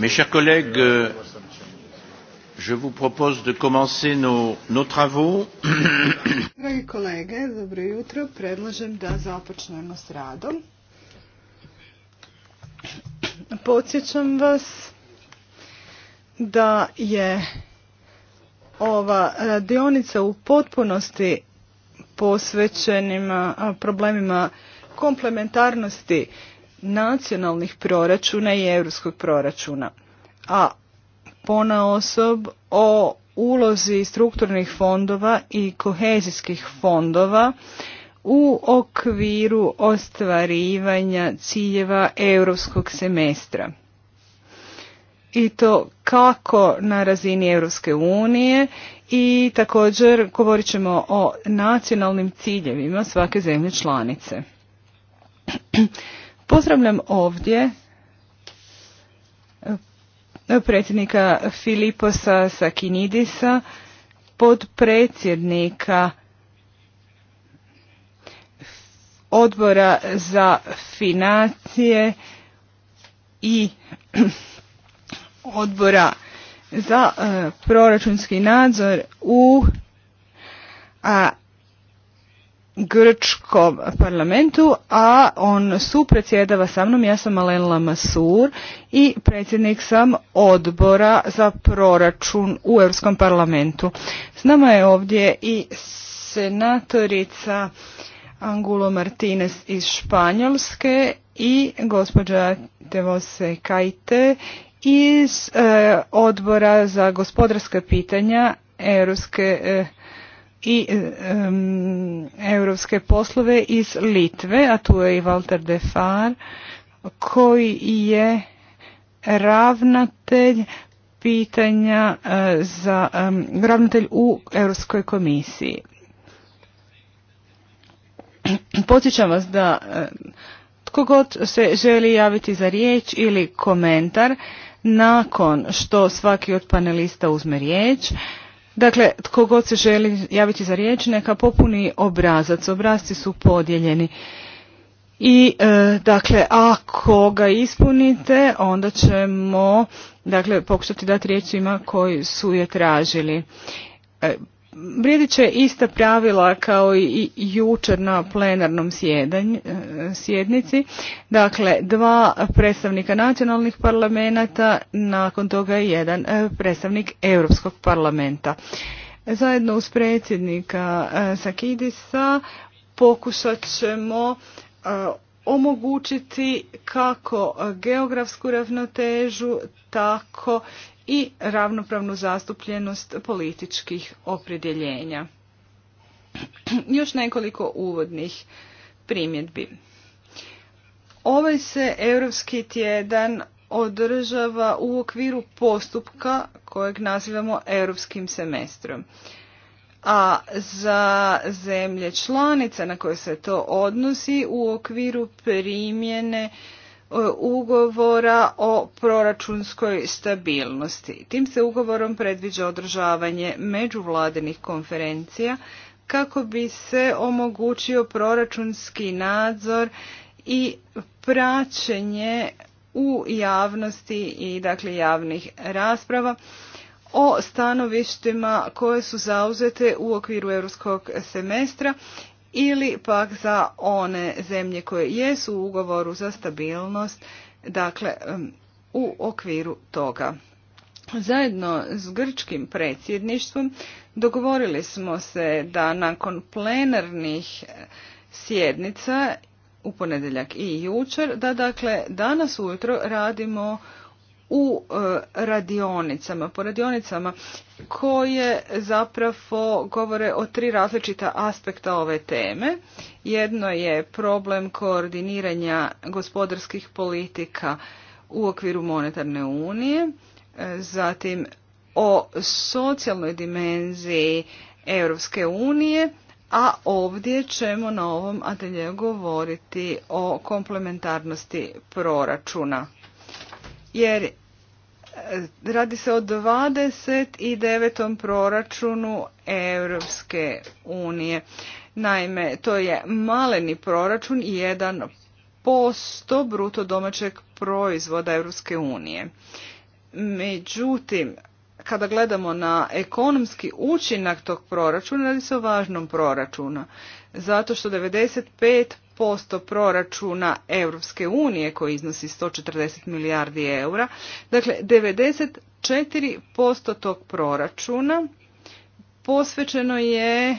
Mes chers collègues, euh, je vous propose de commencer nos, nos travaux. kolege, dobro jutro. Predlažem da započnemo s radom. Podsjećam vas da je ova radionica u potpunosti posvećenima problemima komplementarnosti nacionalnih proračuna i europskog proračuna, a pona osob o ulozi strukturnih fondova i kohezijskih fondova u okviru ostvarivanja ciljeva europskog semestra. I to kako na razini Europske unije i također govorit ćemo o nacionalnim ciljevima svake zemlje članice. Pozdravljam ovdje e, predsjednika Filiposa Sakinidisa, podpredsjednika odbora za financije i odbora za e, proračunski nadzor u a, grčkom parlamentu, a on su predsjedava sa mnom, ja sam Alen Lamassur i predsjednik sam odbora za proračun u Europskom parlamentu. S nama je ovdje i senatorica Angulo Martinez iz Španjolske i gospođa Tevose Kajte iz eh, odbora za gospodarska pitanja Europske eh, i europske poslove iz Litve, a tu je i Walter Far, koji je ravnatelj pitanja e, za ravnatelj u Europskoj komisiji. Podsjećam vas da e, tko god se želi javiti za riječ ili komentar nakon što svaki od panelista uzme riječ, Dakle, tko god se želi javiti za riječ, neka popuni obrazac. Obrazci su podijeljeni. I e, dakle, ako ga ispunite, onda ćemo dakle, pokušati dati riječ svima koji su je tražili. E, vrijedit će ista pravila kao i jučer na plenarnom e, sjednici. Dakle, dva predstavnika nacionalnih parlamenta, nakon toga jedan e, predstavnik Europskog parlamenta. Zajedno uz predsjednika e, Sakidisa pokušat ćemo omogućiti kako geografsku ravnotežu, tako i ravnopravnu zastupljenost političkih opredjeljenja. Još nekoliko uvodnih primjedbi. Ovaj se europski tjedan održava u okviru postupka kojeg nazivamo europskim semestrom. A za zemlje članice na koje se to odnosi u okviru primjene ugovora o proračunskoj stabilnosti. Tim se ugovorom predviđa održavanje međuvladinih konferencija kako bi se omogućio proračunski nadzor i praćenje u javnosti i dakle javnih rasprava o stanovištima koje su zauzete u okviru europskog semestra ili pak za one zemlje koje jesu u ugovoru za stabilnost, dakle u okviru toga. Zajedno s grčkim predsjedništvom dogovorili smo se da nakon plenarnih sjednica u ponedjeljak i jučer, da dakle danas ujutro radimo u e, radionicama, po radionicama koje zapravo govore o tri različita aspekta ove teme. Jedno je problem koordiniranja gospodarskih politika u okviru monetarne unije, e, zatim o socijalnoj dimenziji Europske unije, a ovdje ćemo na ovom ateljevu govoriti o komplementarnosti proračuna jer e, radi se o 29. proračunu Europske unije. Naime, to je maleni proračun i jedan bruto domaćeg proizvoda Europske unije. Međutim, kada gledamo na ekonomski učinak tog proračuna, radi se o važnom proračunu, zato što 95 posto proračuna Europske unije koji iznosi 140 milijardi eura. Dakle, 94% tog proračuna posvećeno je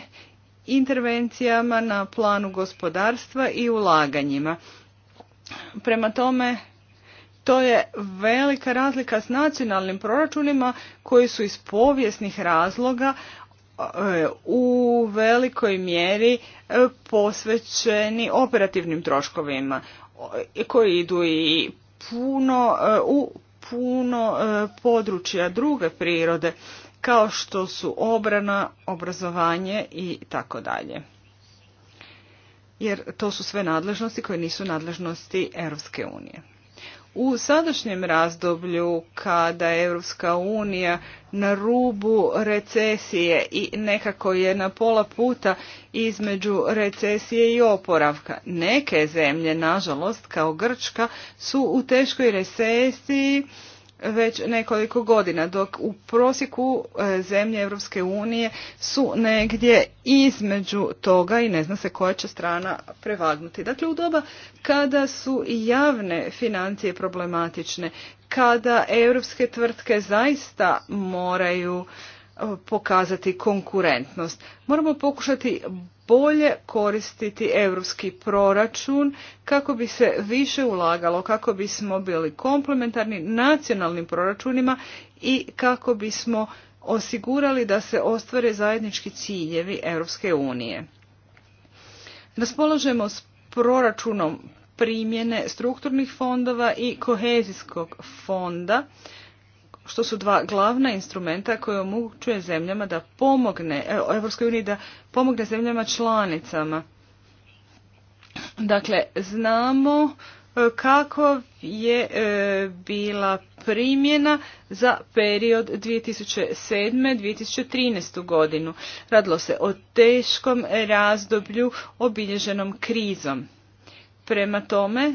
intervencijama na planu gospodarstva i ulaganjima. Prema tome, to je velika razlika s nacionalnim proračunima koji su iz povijesnih razloga E, u velikoj mjeri e, posvećeni operativnim troškovima koji idu i puno e, u puno područja druge prirode kao što su obrana, obrazovanje i tako dalje. Jer to su sve nadležnosti koje nisu nadležnosti Europske unije. U sadašnjem razdoblju kada je Europska unija na rubu recesije i nekako je na pola puta između recesije i oporavka. Neke zemlje, nažalost, kao Grčka, su u teškoj recesiji već nekoliko godina, dok u prosjeku e, zemlje Europske unije su negdje između toga i ne zna se koja će strana prevagnuti. Dakle, u doba kada su javne financije problematične, kada europske tvrtke zaista moraju e, pokazati konkurentnost. Moramo pokušati bolje koristiti europski proračun kako bi se više ulagalo, kako bismo bili komplementarni nacionalnim proračunima i kako bismo osigurali da se ostvare zajednički ciljevi Europske unije. Raspolažemo s proračunom primjene strukturnih fondova i kohezijskog fonda što su dva glavna instrumenta koje omogućuje zemljama da pomogne, Europskoj uniji da pomogne zemljama članicama. Dakle, znamo e, kako je e, bila primjena za period 2007-2013 godinu. Radilo se o teškom razdoblju obilježenom krizom. Prema tome,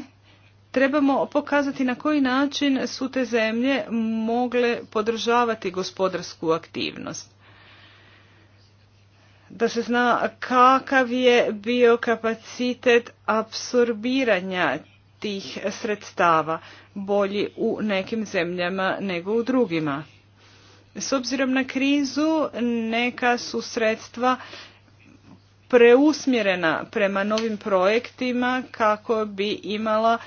trebamo pokazati na koji način su te zemlje mogle podržavati gospodarsku aktivnost. Da se zna kakav je bio kapacitet apsorbiranja tih sredstava bolji u nekim zemljama nego u drugima. S obzirom na krizu neka su sredstva preusmjerena prema novim projektima kako bi imala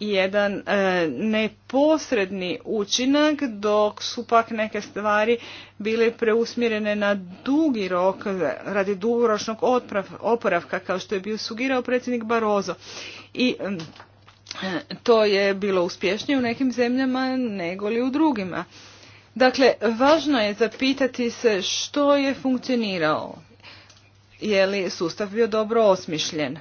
jedan e, neposredni učinak dok su pak neke stvari bile preusmjerene na dugi rok radi dugoročnog oporavka kao što je bio sugirao predsjednik Barozo i e, to je bilo uspješnije u nekim zemljama nego li u drugima. Dakle, važno je zapitati se što je funkcionirao. Je li sustav bio dobro osmišljen?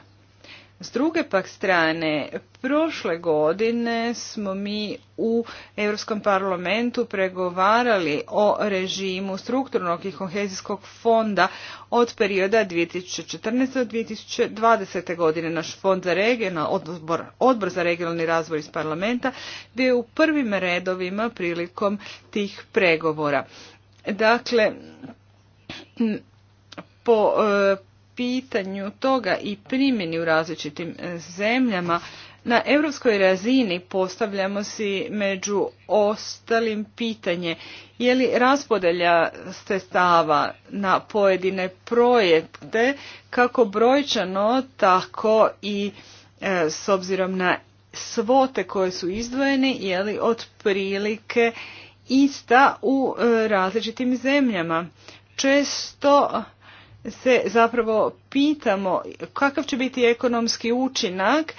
S druge pak strane, prošle godine smo mi u Europskom parlamentu pregovarali o režimu strukturnog i kohezijskog fonda od perioda 2014. do 2020. godine. Naš fond za regional, odbor, odbor za regionalni razvoj iz parlamenta bio u prvim redovima prilikom tih pregovora. Dakle, po e, pitanju toga i primjeni u različitim e, zemljama, na europskoj razini postavljamo si među ostalim pitanje je li raspodelja sredstava na pojedine projekte kako brojčano tako i e, s obzirom na svote koje su izdvojene je li otprilike ista u e, različitim zemljama. Često se zapravo pitamo kakav će biti ekonomski učinak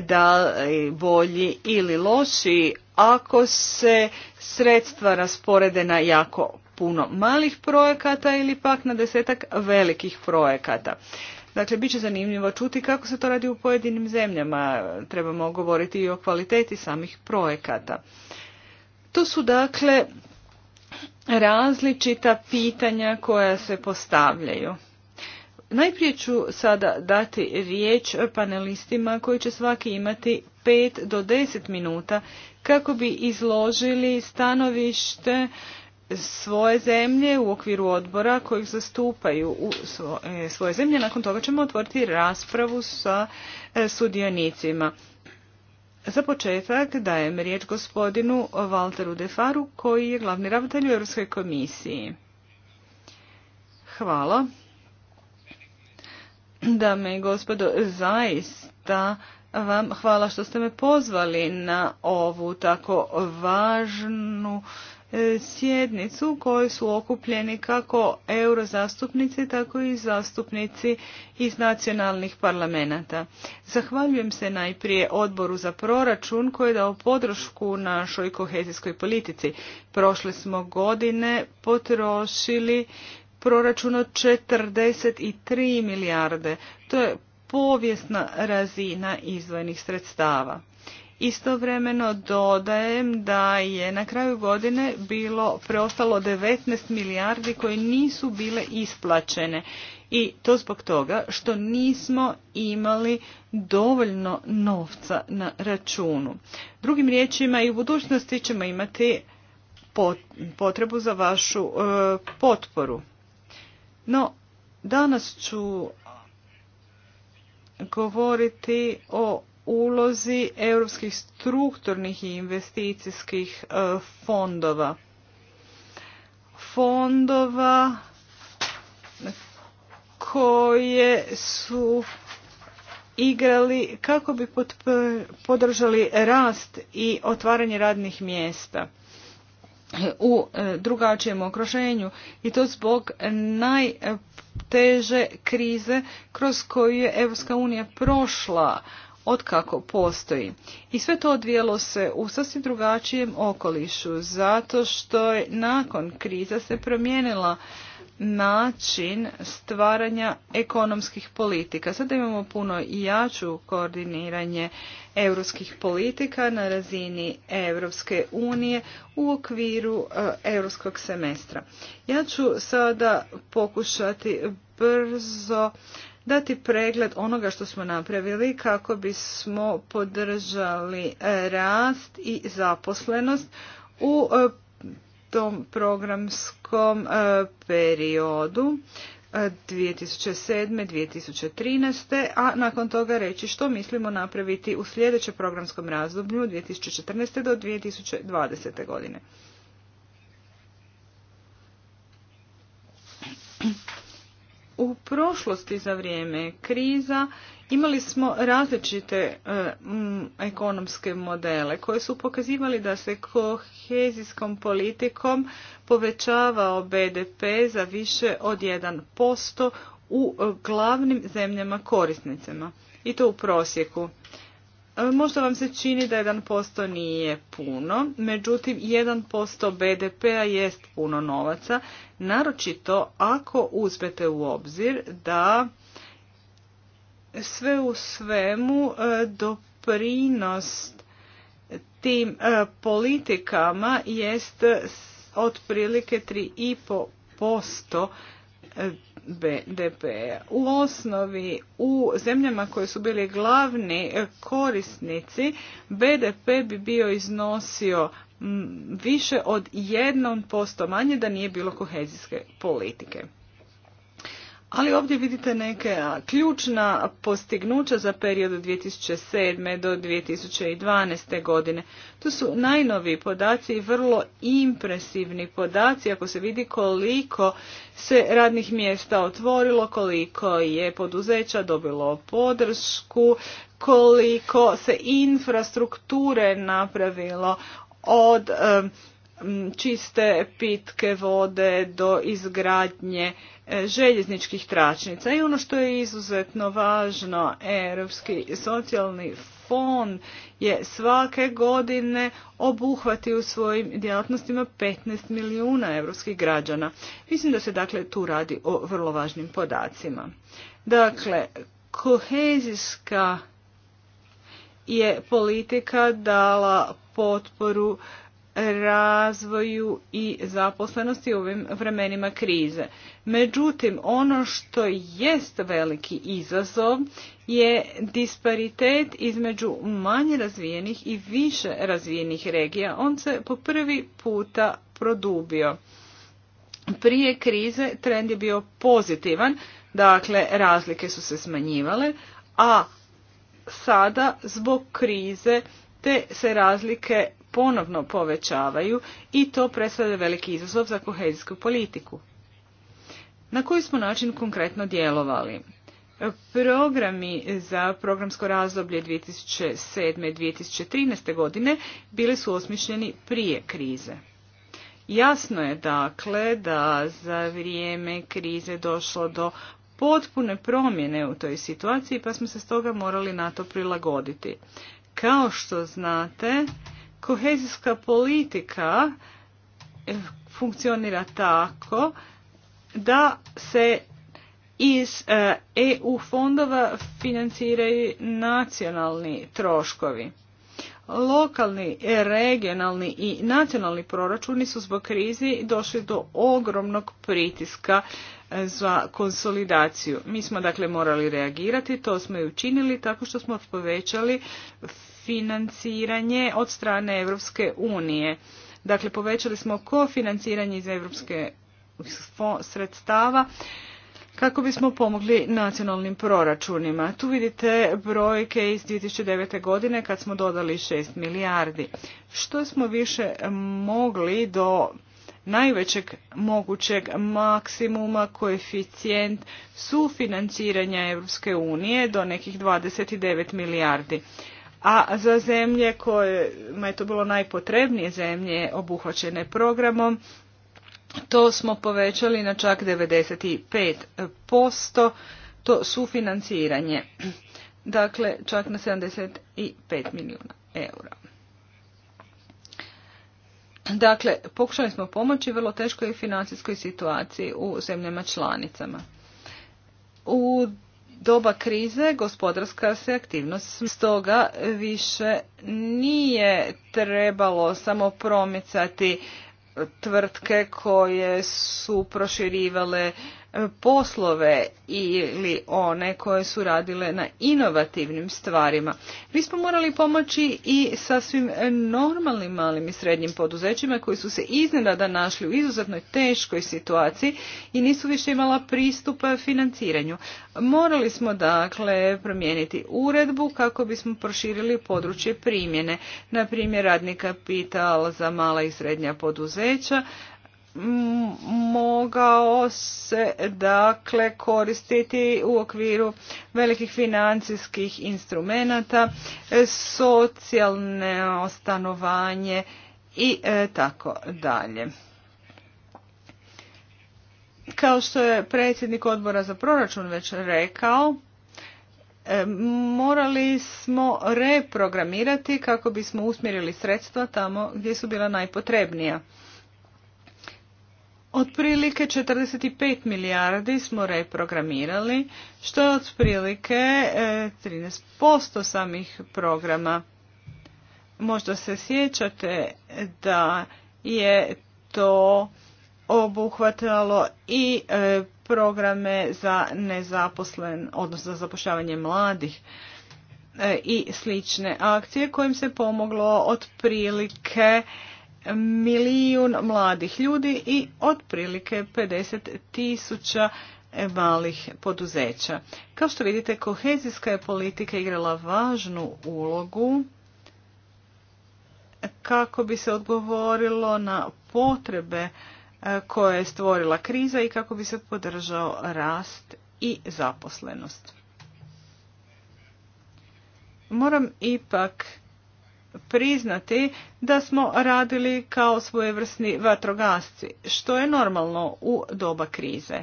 da bolji ili loši, ako se sredstva rasporede na jako puno malih projekata ili pak na desetak velikih projekata. Dakle, bit će zanimljivo čuti kako se to radi u pojedinim zemljama. Trebamo govoriti i o kvaliteti samih projekata. To su dakle različita pitanja koja se postavljaju. Najprije ću sada dati riječ panelistima koji će svaki imati 5 do 10 minuta kako bi izložili stanovište svoje zemlje u okviru odbora kojih zastupaju u e, svoje zemlje. Nakon toga ćemo otvoriti raspravu sa e, sudionicima. Za početak dajem riječ gospodinu Walteru Defaru koji je glavni ravnatelj u Europskoj komisiji. Hvala. Dame i gospodo, zaista vam hvala što ste me pozvali na ovu tako važnu E, sjednicu kojoj su okupljeni kako eurozastupnici, tako i zastupnici iz nacionalnih parlamenta. Zahvaljujem se najprije odboru za proračun koji je dao podršku našoj kohezijskoj politici. Prošle smo godine potrošili proračun od 43 milijarde. To je povijesna razina izdvojenih sredstava. Istovremeno dodajem da je na kraju godine bilo preostalo 19 milijardi koje nisu bile isplaćene i to zbog toga što nismo imali dovoljno novca na računu. Drugim riječima i u budućnosti ćemo imati potrebu za vašu e, potporu. No, danas ću govoriti o ulozi europskih strukturnih i investicijskih e, fondova. Fondova koje su igrali kako bi podržali rast i otvaranje radnih mjesta u e, drugačijem okruženju i to zbog najteže krize kroz koju je Evropska unija prošla od kako postoji. I sve to odvijelo se u sasvim drugačijem okolišu, zato što je nakon kriza se promijenila način stvaranja ekonomskih politika. Sada imamo puno i jaču koordiniranje europskih politika na razini Europske unije u okviru e, europskog semestra. Ja ću sada pokušati brzo dati pregled onoga što smo napravili kako bismo podržali e, rast i zaposlenost u e, tom programskom e, periodu 2007-2013, a nakon toga reći što mislimo napraviti u sljedećem programskom razdoblju 2014. do 2020. godine u prošlosti za vrijeme kriza imali smo različite e, ekonomske modele koje su pokazivali da se kohezijskom politikom povećavao BDP za više od 1% u e, glavnim zemljama korisnicama i to u prosjeku. E, možda vam se čini da 1% nije puno, međutim 1% BDP-a jest puno novaca, naročito ako uzmete u obzir da sve u svemu e, doprinos tim e, politikama jest otprilike 3,5% BDP. U osnovi u zemljama koje su bili glavni e, korisnici BDP bi bio iznosio više od posto manje da nije bilo kohezijske politike. Ali ovdje vidite neka ključna postignuća za period od 2007. do 2012. godine. To su najnoviji podaci i vrlo impresivni podaci ako se vidi koliko se radnih mjesta otvorilo, koliko je poduzeća dobilo podršku, koliko se infrastrukture napravilo od čiste pitke vode do izgradnje e, željezničkih tračnica. I ono što je izuzetno važno, Europski socijalni fond je svake godine obuhvati u svojim djelatnostima 15 milijuna europskih građana. Mislim da se dakle tu radi o vrlo važnim podacima. Dakle, kohezijska je politika dala potporu razvoju i zaposlenosti u ovim vremenima krize. Međutim, ono što jest veliki izazov je disparitet između manje razvijenih i više razvijenih regija. On se po prvi puta produbio. Prije krize trend je bio pozitivan, dakle razlike su se smanjivale, a sada zbog krize te se razlike ponovno povećavaju i to predstavlja veliki izazov za kohezijsku politiku. Na koji smo način konkretno djelovali? Programi za programsko razdoblje 2007. i 2013. godine bili su osmišljeni prije krize. Jasno je dakle da za vrijeme krize došlo do potpune promjene u toj situaciji pa smo se stoga morali na to prilagoditi. Kao što znate, kohezijska politika e, funkcionira tako da se iz EU e fondova financiraju nacionalni troškovi. Lokalni, regionalni i nacionalni proračuni su zbog krizi došli do ogromnog pritiska za konsolidaciju. Mi smo dakle morali reagirati, to smo i učinili tako što smo povećali financiranje od strane Europske unije. Dakle, povećali smo kofinanciranje iz europske sredstava kako bismo pomogli nacionalnim proračunima. Tu vidite brojke iz 2009. godine kad smo dodali 6 milijardi. Što smo više mogli do najvećeg mogućeg maksimuma koeficijent sufinanciranja Europske unije do nekih 29 milijardi. A za zemlje kojima je to bilo najpotrebnije zemlje obuhvaćene programom, to smo povećali na čak 95% to sufinanciranje. Dakle, čak na 75 milijuna eura. Dakle, pokušali smo pomoći vrlo teškoj financijskoj situaciji u zemljama članicama. U doba krize gospodarska se aktivnost stoga više nije trebalo samo promicati tvrtke koje su proširivale poslove ili one koje su radile na inovativnim stvarima. Mi smo morali pomoći i sasvim normalnim malim i srednjim poduzećima koji su se iznenada našli u izuzetnoj teškoj situaciji i nisu više imala pristup financiranju. Morali smo dakle promijeniti uredbu kako bismo proširili područje primjene, na radni kapital za mala i srednja poduzeća, mogao se dakle koristiti u okviru velikih financijskih instrumenata, socijalne stanovanje i e, tako dalje. Kao što je predsjednik odbora za proračun već rekao, e, morali smo reprogramirati kako bismo usmjerili sredstva tamo gdje su bila najpotrebnija. Otprilike 45 milijardi smo reprogramirali, što je otprilike 13% e, samih programa. Možda se sjećate da je to obuhvatalo i e, programe za nezaposlen, odnosno za zapošljavanje mladih e, i slične akcije kojim se pomoglo otprilike milijun mladih ljudi i otprilike 50 tisuća malih poduzeća. Kao što vidite, kohezijska je politika igrala važnu ulogu kako bi se odgovorilo na potrebe e, koje je stvorila kriza i kako bi se podržao rast i zaposlenost. Moram ipak priznati da smo radili kao svojevrsni vatrogasci, što je normalno u doba krize.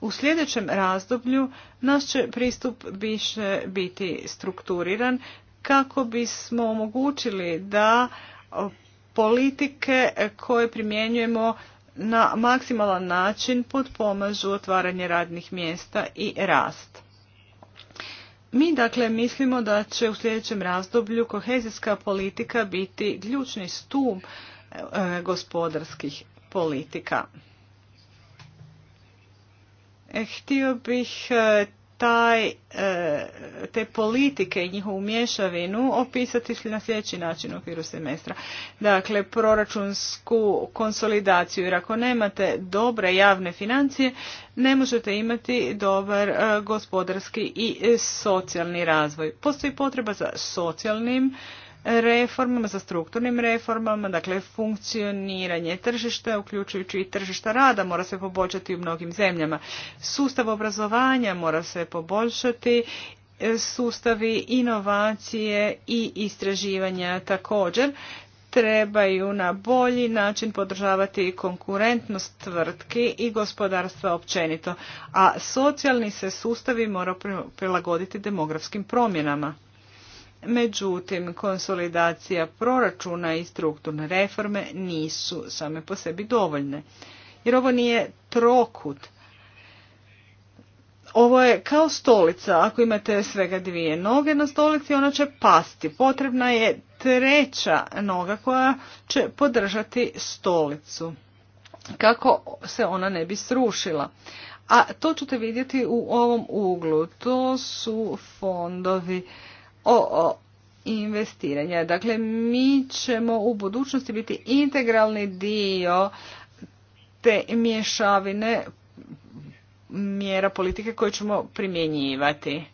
U sljedećem razdoblju naš će pristup više biti strukturiran kako bismo omogućili da politike koje primjenjujemo na maksimalan način potpomažu otvaranje radnih mjesta i rast. Mi dakle mislimo da će u sljedećem razdoblju kohezijska politika biti ključni stup e, e, gospodarskih politika. E, htio bih taj, e, te politike i njihovu mješavinu opisati na sljedeći način u okviru semestra. Dakle, proračunsku konsolidaciju, jer ako nemate dobre javne financije, ne možete imati dobar e, gospodarski i e, socijalni razvoj. Postoji potreba za socijalnim reformama, za strukturnim reformama, dakle funkcioniranje tržišta, uključujući i tržišta rada mora se poboljšati u mnogim zemljama. Sustav obrazovanja mora se poboljšati sustavi inovacije i istraživanja također trebaju na bolji način podržavati konkurentnost tvrtki i gospodarstva općenito, a socijalni se sustavi mora prilagoditi demografskim promjenama. Međutim, konsolidacija proračuna i strukturne reforme nisu same po sebi dovoljne. Jer ovo nije trokut. Ovo je kao stolica. Ako imate svega dvije noge na stolici, ona će pasti. Potrebna je treća noga koja će podržati stolicu. Kako se ona ne bi srušila. A to ćete vidjeti u ovom uglu. To su fondovi o, o investiranja. Dakle, mi ćemo u budućnosti biti integralni dio te mješavine mjera politike koje ćemo primjenjivati.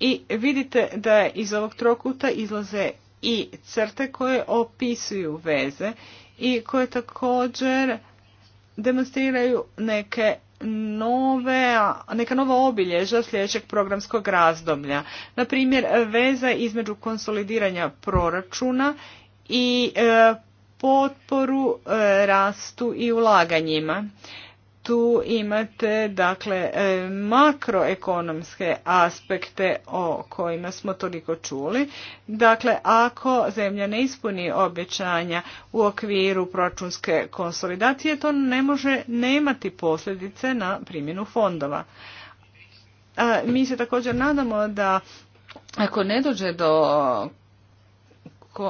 I vidite da iz ovog trokuta izlaze i crte koje opisuju veze i koje također demonstriraju neke nove, neka nova obilježja sljedećeg programskog razdoblja. Na primjer, veza između konsolidiranja proračuna i e, potporu e, rastu i ulaganjima tu imate dakle e, makroekonomske aspekte o kojima smo toliko čuli. Dakle, ako zemlja ne ispuni obećanja u okviru proračunske konsolidacije, to ne može nemati posljedice na primjenu fondova. mi se također nadamo da ako ne dođe do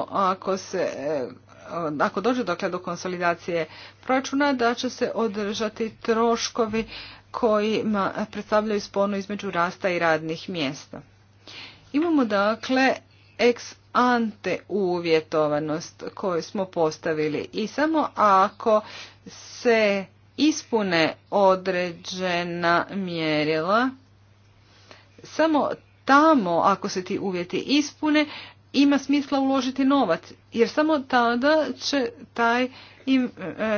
ako se e, E, ako dođe dakle do konsolidacije proračuna da će se održati troškovi koji predstavljaju sponu između rasta i radnih mjesta. Imamo dakle ex ante uvjetovanost koju smo postavili i samo ako se ispune određena mjerila, samo tamo ako se ti uvjeti ispune ima smisla uložiti novac, jer samo tada će taj, e,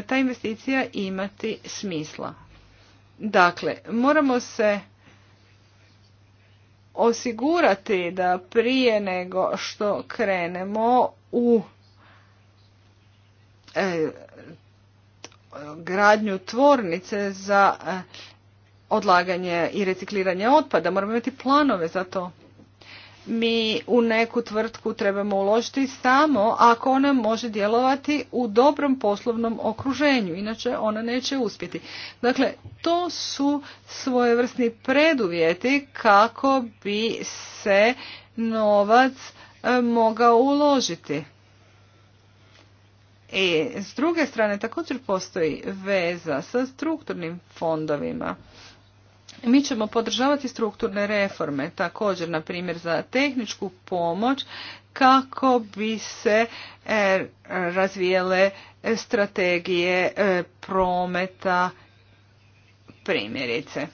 ta investicija imati smisla. Dakle, moramo se osigurati da prije nego što krenemo u e, gradnju tvornice za e, odlaganje i recikliranje otpada. Moramo imati planove za to mi u neku tvrtku trebamo uložiti samo ako ona može djelovati u dobrom poslovnom okruženju, inače ona neće uspjeti. Dakle, to su svojevrsni preduvjeti kako bi se novac e, mogao uložiti. I e, s druge strane također postoji veza sa strukturnim fondovima. Mi ćemo podržavati strukturne reforme, također, na primjer, za tehničku pomoć kako bi se e, razvijele strategije e, prometa primjerice.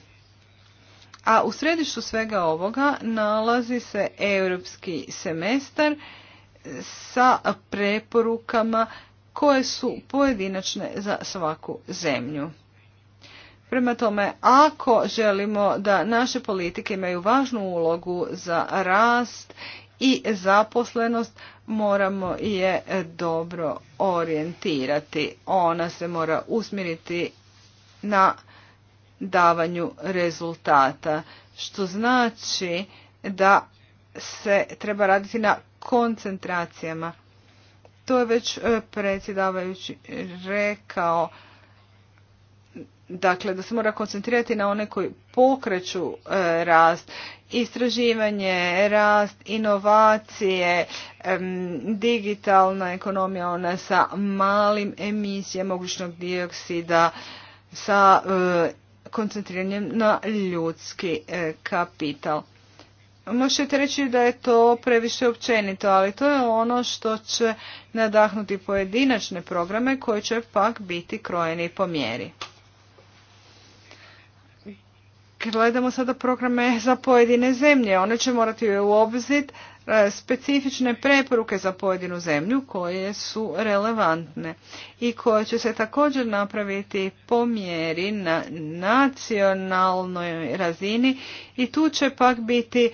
A u središtu svega ovoga nalazi se europski semestar sa preporukama koje su pojedinačne za svaku zemlju. Prema tome, ako želimo da naše politike imaju važnu ulogu za rast i zaposlenost, moramo je dobro orijentirati. Ona se mora usmjeriti na davanju rezultata, što znači da se treba raditi na koncentracijama. To je već e, predsjedavajući rekao dakle da se mora koncentrirati na one koji pokreću e, rast, istraživanje, rast, inovacije, digitalna ekonomija ona sa malim emisijama mogućnog dioksida, sa e, koncentriranjem na ljudski e, kapital. Možete reći da je to previše općenito, ali to je ono što će nadahnuti pojedinačne programe koji će pak biti krojeni po mjeri gledamo sada programe za pojedine zemlje. One će morati u obzir e, specifične preporuke za pojedinu zemlju koje su relevantne i koje će se također napraviti po mjeri na nacionalnoj razini i tu će pak biti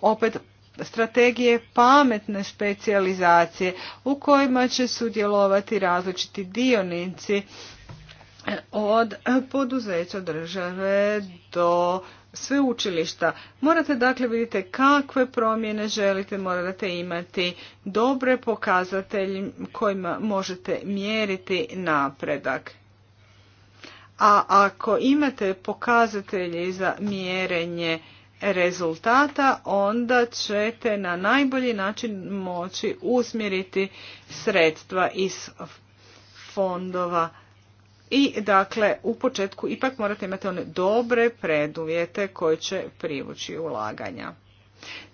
opet strategije pametne specijalizacije u kojima će sudjelovati različiti dionici od poduzeća države do sveučilišta. Morate dakle vidite kakve promjene želite, morate imati dobre pokazatelje kojima možete mjeriti napredak. A ako imate pokazatelje za mjerenje rezultata, onda ćete na najbolji način moći usmjeriti sredstva iz fondova i dakle, u početku ipak morate imati one dobre preduvjete koje će privući ulaganja.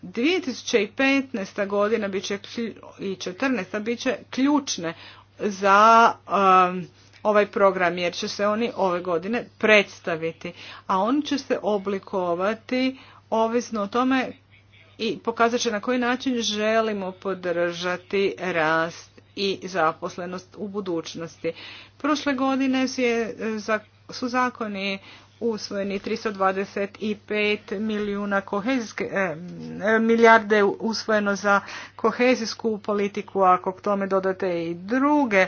2015. godina i 2014. bit će ključne za um, ovaj program jer će se oni ove godine predstaviti, a oni će se oblikovati ovisno o tome i pokazat će na koji način želimo podržati rast i zaposlenost u budućnosti. Prošle godine e, su zakoni usvojeni 325 milijuna kohezijske, e, e, milijarde usvojeno za kohezijsku politiku, ako k tome dodate i druge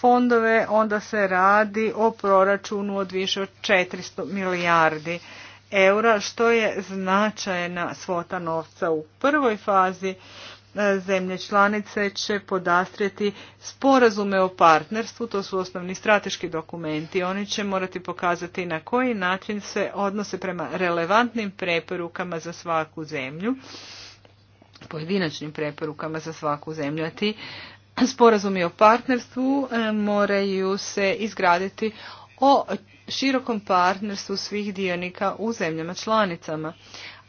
fondove, onda se radi o proračunu od više od 400 milijardi eura, što je značajna svota novca u prvoj fazi E, zemlje članice će podastrijeti sporazume o partnerstvu, to su osnovni strateški dokumenti. Oni će morati pokazati na koji način se odnose prema relevantnim preporukama za svaku zemlju, pojedinačnim preporukama za svaku zemlju, a ti sporazumi o partnerstvu e, moraju se izgraditi o širokom partnerstvu svih dionika u zemljama članicama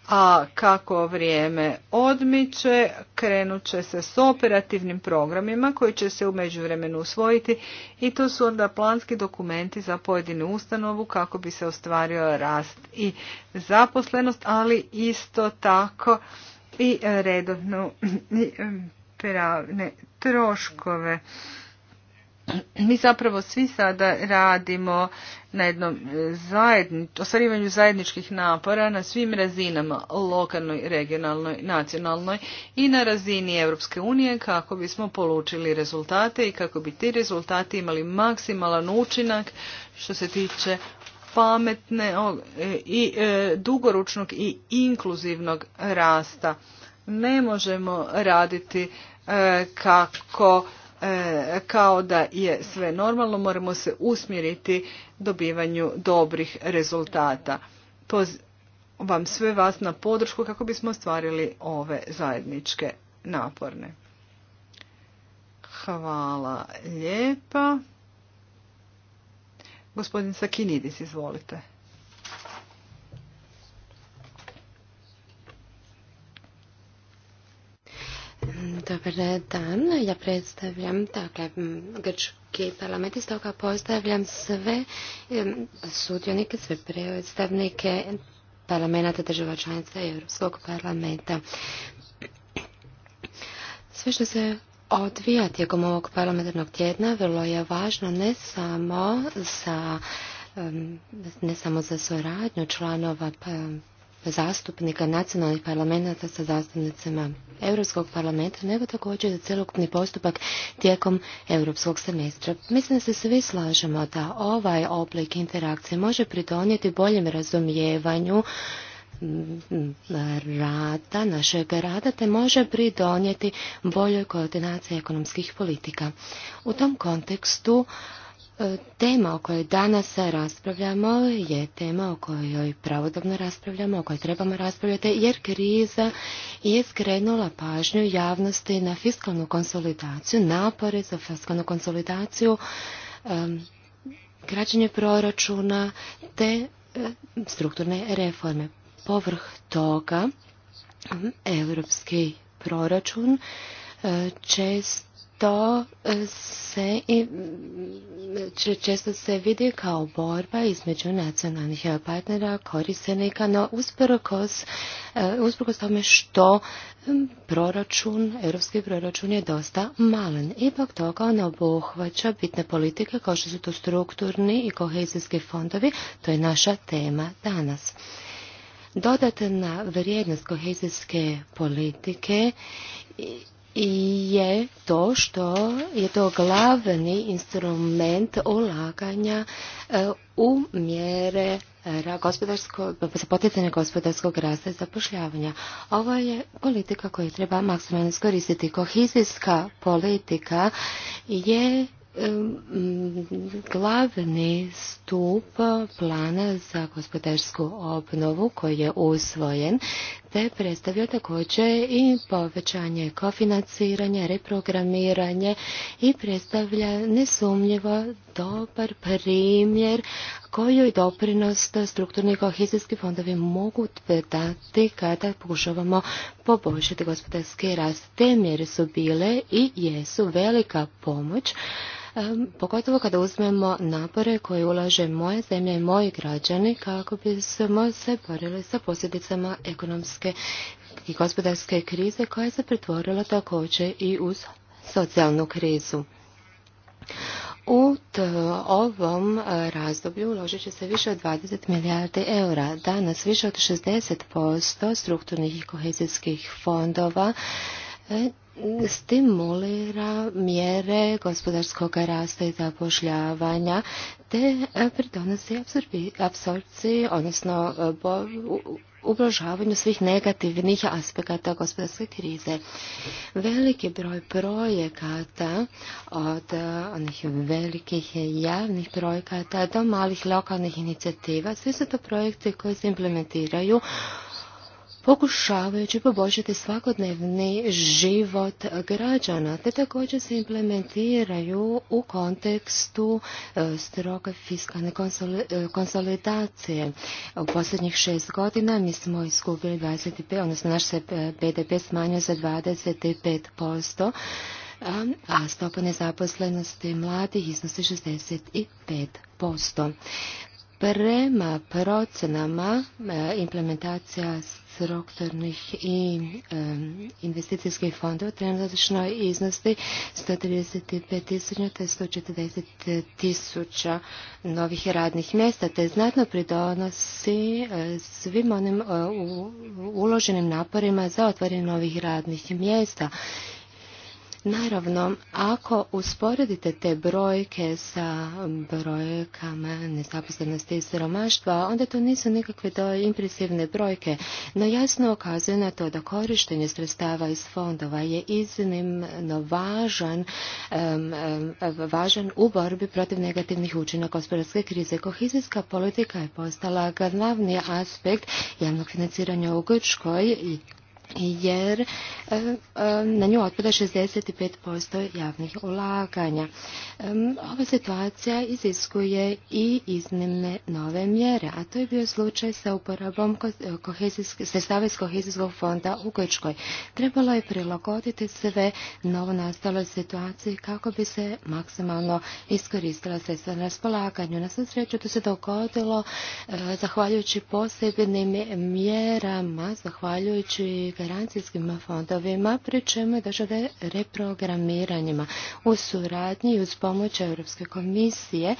a kako vrijeme odmiče, krenut će se s operativnim programima koji će se u međuvremenu usvojiti i to su onda planski dokumenti za pojedinu ustanovu kako bi se ostvario rast i zaposlenost, ali isto tako i redovno pravne troškove mi zapravo svi sada radimo na jednom e, zajedničkom ostvarivanju zajedničkih napora na svim razinama, lokalnoj, regionalnoj, nacionalnoj i na razini Europske unije kako bismo polučili rezultate i kako bi ti rezultati imali maksimalan učinak što se tiče pametne e, i e, dugoručnog i inkluzivnog rasta. Ne možemo raditi kako E, kao da je sve normalno, moramo se usmjeriti dobivanju dobrih rezultata. Vam sve vas na podršku kako bismo ostvarili ove zajedničke naporne. Hvala lijepa. Gospodin Sakinidis, izvolite. Dobar dan, ja predstavljam dakle, Grčki parlament i stoga postavljam sve sudionike, sve predstavnike parlamenta država članica Europskog parlamenta. Sve što se odvija tijekom ovog parlamentarnog tjedna vrlo je važno ne samo za ne samo za suradnju članova zastupnika nacionalnih parlamenta sa zastupnicima Europskog parlamenta, nego također za celokupni postupak tijekom europskog semestra. Mislim da se svi slažemo da ovaj oblik interakcije može pridonijeti boljem razumijevanju mm, rada, našeg rada, te može pridonijeti boljoj koordinaciji ekonomskih politika. U tom kontekstu E, tema o kojoj danas raspravljamo je tema o kojoj pravodobno raspravljamo, o kojoj trebamo raspravljati, jer kriza je skrenula pažnju javnosti na fiskalnu konsolidaciju, napore za fiskalnu konsolidaciju, građenje e, proračuna te e, strukturne reforme. Povrh toga, europski proračun čest to e, se i često se vidi kao borba između nacionalnih e, partnera, korisnika no usprkos, e, usprkos tome što proračun, europski proračun je dosta malen. Ipak toga on obuhvaća bitne politike kao što su to strukturni i kohezijski fondovi, to je naša tema danas. Dodatna vrijednost kohezijske politike je to što je to glavni instrument ulaganja e, u mjere e, gospodarskog, poticanja gospodarskog rasta i zapošljavanja. Ovo je politika koju treba maksimalno iskoristiti. Kohizijska politika je e, glavni stup plana za gospodarsku obnovu koji je usvojen te predstavlja također i povećanje kofinanciranja, reprogramiranje i predstavlja nesumljivo dobar primjer koju doprinost strukturni kohezijski fondovi mogu dati kada pokušavamo poboljšati gospodarski rast. Te mjere su bile i jesu velika pomoć pogotovo kada uzmemo napore koje ulaže moja zemlja i moji građani kako bismo se borili sa posljedicama ekonomske i gospodarske krize koja se pretvorila također i uz socijalnu krizu. U ovom e, razdoblju uložit će se više od 20 milijardi eura. Danas više od 60% strukturnih i kohezijskih fondova e, stimulira mjere gospodarskog rasta i zapošljavanja te e, pridonosi apsorpciji, odnosno e, ublažavanju svih negativnih aspekata gospodarske krize. Veliki broj projekata od e, onih velikih javnih projekata do malih lokalnih inicijativa, svi su to projekte koje se implementiraju pokušavajući poboljšati svakodnevni život građana, te također se implementiraju u kontekstu e, stroke fiskalne e, konsolidacije. U posljednjih šest godina mi smo izgubili 25, odnosno naš se e, BDP smanjio za 25%, a stopa nezaposlenosti mladih iznosi 65%. Prema procenama e, implementacija strukturnih i e, investicijskih fondova trenutno iznosi 135.000 tisuća te 140.000 novih radnih mjesta te znatno pridonosi e, svim onim uloženim naporima za otvaranje novih radnih mjesta Naravno, ako usporedite te brojke sa brojkama nezaposlenosti i siromaštva, onda to nisu nikakve to impresivne brojke, no jasno ukazuje na to da korištenje sredstava iz fondova je iznimno važan, važan u borbi protiv negativnih učinaka gospodarske krize. Kohizijska politika je postala glavni aspekt javnog financiranja u Grčkoj i jer e, e, na nju otpada 65% javnih ulaganja. E, ova situacija iziskuje i iznimne nove mjere, a to je bio slučaj sa uporabom sredstava iz kohezijskog fonda u Grčkoj. Trebalo je prilagoditi sve novo nastaloj situaciji kako bi se maksimalno iskoristila sredstva na raspolaganju. Na svu sreću to se dogodilo zahvaljujući posebnim mjerama, zahvaljujući garancijskim fondovima, pri čemu države reprogramiranjima u suradnji uz pomoć Europske komisije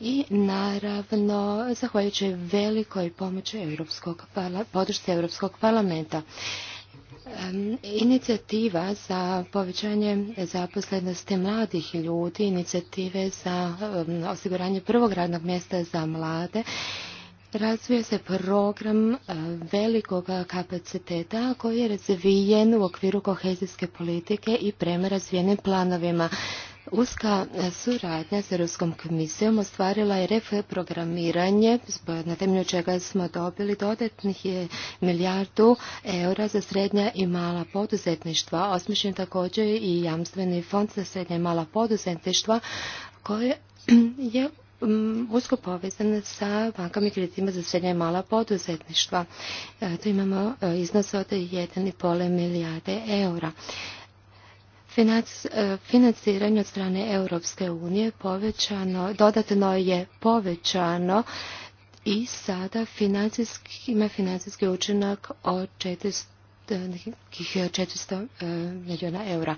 i naravno zahvaljujući velikoj pomoći Europskog, podršci Europskog parlamenta. Inicijativa za povećanje zaposlenosti mladih ljudi, inicijative za osiguranje prvog radnog mjesta za mlade Razvija se program e, velikog kapaciteta koji je razvijen u okviru kohezijske politike i prema razvijenim planovima. Uska e, suradnja s Europskom komisijom ostvarila je reprogramiranje, na temelju čega smo dobili dodatnih milijardu eura za srednja i mala poduzetništva. Osmišljen također i jamstveni fond za srednja i mala poduzetništva koji je usko povezana sa bankama i kreditima za srednje i mala poduzetništva. E, tu imamo e, iznos od 1,5 milijarde eura. E, financiranje od strane Europske unije povećano, dodatno je povećano i sada ima financijski učinak od 400, milijuna eura.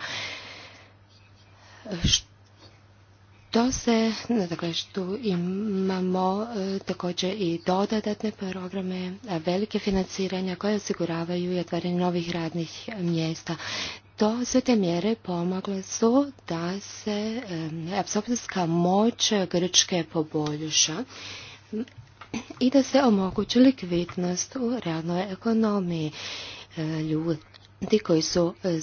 Što to se, dakle, tu imamo e, također i dodatne programe, velike financiranja koje osiguravaju i otvaranje novih radnih mjesta. To sve te mjere pomogle su da se e, apsorpcijska moć Grčke poboljša i da se omogući likvidnost u realnoj ekonomiji. E, ljudi ti koji su e,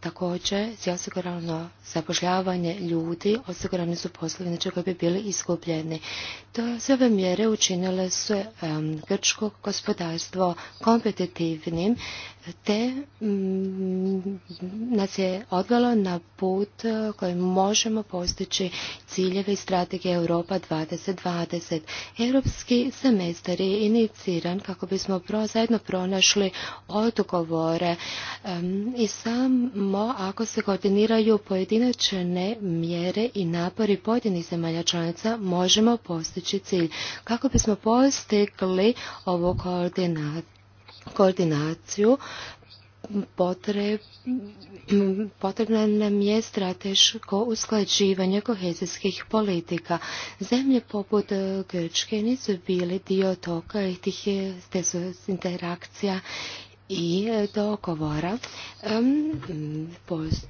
također si osigurano zapošljavanje ljudi, osigurani su poslovi znači koji bi bili iskupljeni. To sve ove mjere učinile su grčko gospodarstvo kompetitivnim, te mm, nas je odvelo na put e, kojim možemo postići ciljeve i strategije Europa 2020. Europski semestar je iniciran kako bismo pro, zajedno pronašli odgovor odgovore i samo ako se koordiniraju pojedinačne mjere i napori pojedinih zemalja članica možemo postići cilj. Kako bismo postigli ovu koordinaciju potrebno nam je strateško usklađivanje kohezijskih politika. Zemlje poput e, Grčke nisu bili dio toga i tih interakcija i e, dogovora. Post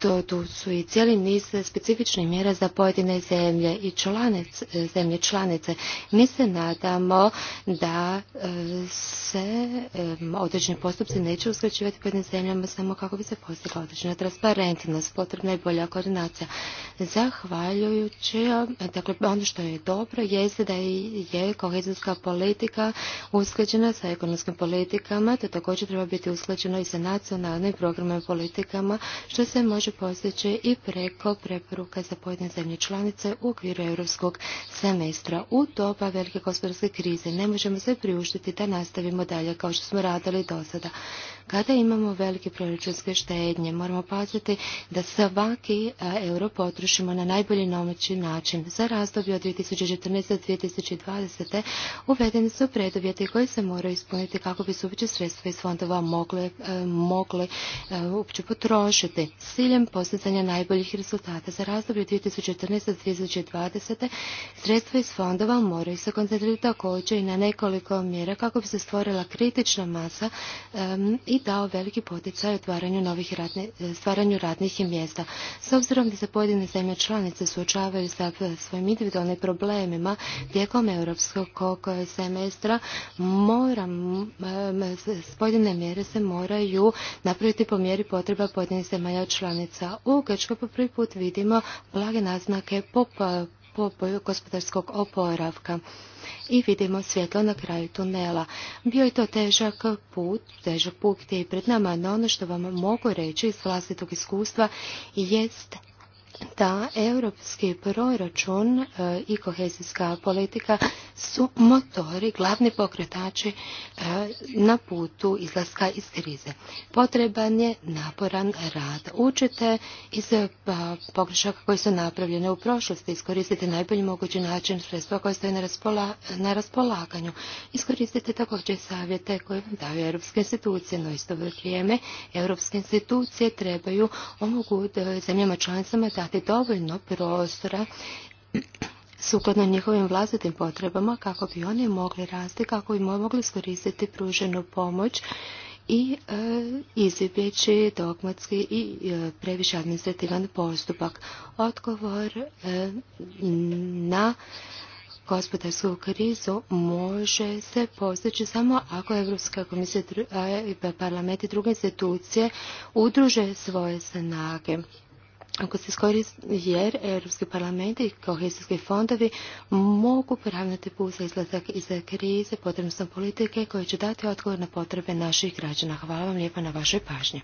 to, tu su i cijeli niz specifičnih mjera za pojedine zemlje i članice, zemlje članice. Mi se nadamo da e, se e, određeni postupci neće uskraćivati pojedinim zemljama samo kako bi se postigla određena transparentnost, potrebna je bolja koordinacija. Zahvaljujući, e, dakle ono što je dobro jeste da je kohezijska politika usklađena sa ekonomskim politikama, te također treba biti usklađeno i sa nacionalnim programima politikama, što se može postići i preko preporuka za pojedine zemlje članice u okviru europskog semestra. U doba velike gospodarske krize ne možemo se priuštiti da nastavimo dalje kao što smo radili do sada. Kada imamo velike proračunske štednje, moramo paziti da svaki euro potrošimo na najbolji nomoći način. Za razdoblje od 2014. do 2020. uvedeni su preduvjeti koji se moraju ispuniti kako bi se uopće sredstva iz fondova mogle, e, e, uopće potrošiti. Silje ciljem najboljih rezultata. Za razdoblje 2014-2020 sredstva iz fondova moraju se koncentrirati također i na nekoliko mjera kako bi se stvorila kritična masa i dao veliki poticaj otvaranju novih e, stvaranju radnih mjesta. S obzirom da se pojedine zemlje članice suočavaju sa svojim individualnim problemima tijekom europskog semestra moram pojedine mjere se moraju napraviti po mjeri potreba pojedinih zemalja članice činjenica. U Grčkoj po prvi put vidimo blage naznake popoju gospodarskog oporavka i vidimo svjetlo na kraju tunela. Bio je to težak put, težak put gdje je pred nama, no ono što vam mogu reći iz vlastitog iskustva jest da europski proračun e, i kohezijska politika su motori, glavni pokretači e, na putu izlaska iz krize. Potreban je naporan rad. Učite iz e, pa, pogrešaka koje su napravljene u prošlosti. Iskoristite najbolji mogući način sredstva koje stoje na, raspolaganju. Iskoristite također savjete koje vam daju europske institucije. No isto vrijeme europske institucije trebaju omogućiti zemljama članicama da dati dovoljno prostora sukladno njihovim vlastitim potrebama kako bi oni mogli rasti, kako bi mogli iskoristiti pruženu pomoć i e, izbjeći dogmatski i e, previše administrativan postupak. Odgovor e, na gospodarsku krizu može se postići samo ako Europska komisija, i parlament i druge institucije udruže svoje snage ako se iskoristi jer Europski parlament i kohezijski fondovi mogu poravnati put za izlazak iz krize, potrebnostom politike koje će dati odgovor na potrebe naših građana. Hvala vam lijepa na vašoj pažnji.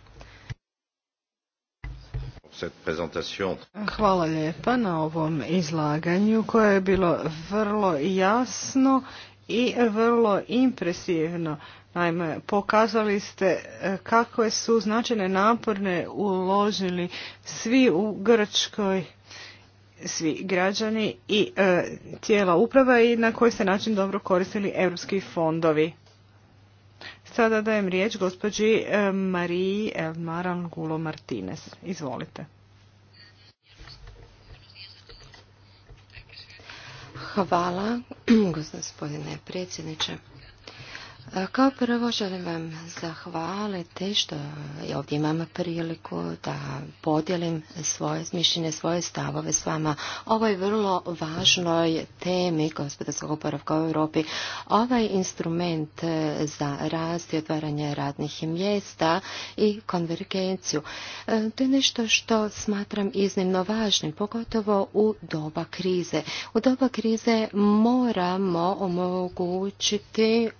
Hvala lijepa na ovom izlaganju koje je bilo vrlo jasno i vrlo impresivno. Naime, pokazali ste e, kako su značajne naporne uložili svi u Grčkoj, svi građani i e, tijela uprava i na koji se način dobro koristili europski fondovi. Sada dajem riječ gospođi e, Mariji Elmaran Gulo Martinez. Izvolite. Hvala, gospodine predsjedniče. Kao prvo želim vam zahvaliti što ovdje imam priliku da podijelim svoje mišljenje, svoje stavove s vama o ovoj vrlo važnoj temi gospodarskog oporavka u Europi. Ovaj instrument za rast i otvaranje radnih mjesta i konvergenciju. E, to je nešto što smatram iznimno važnim, pogotovo u doba krize. U doba krize moramo omogućiti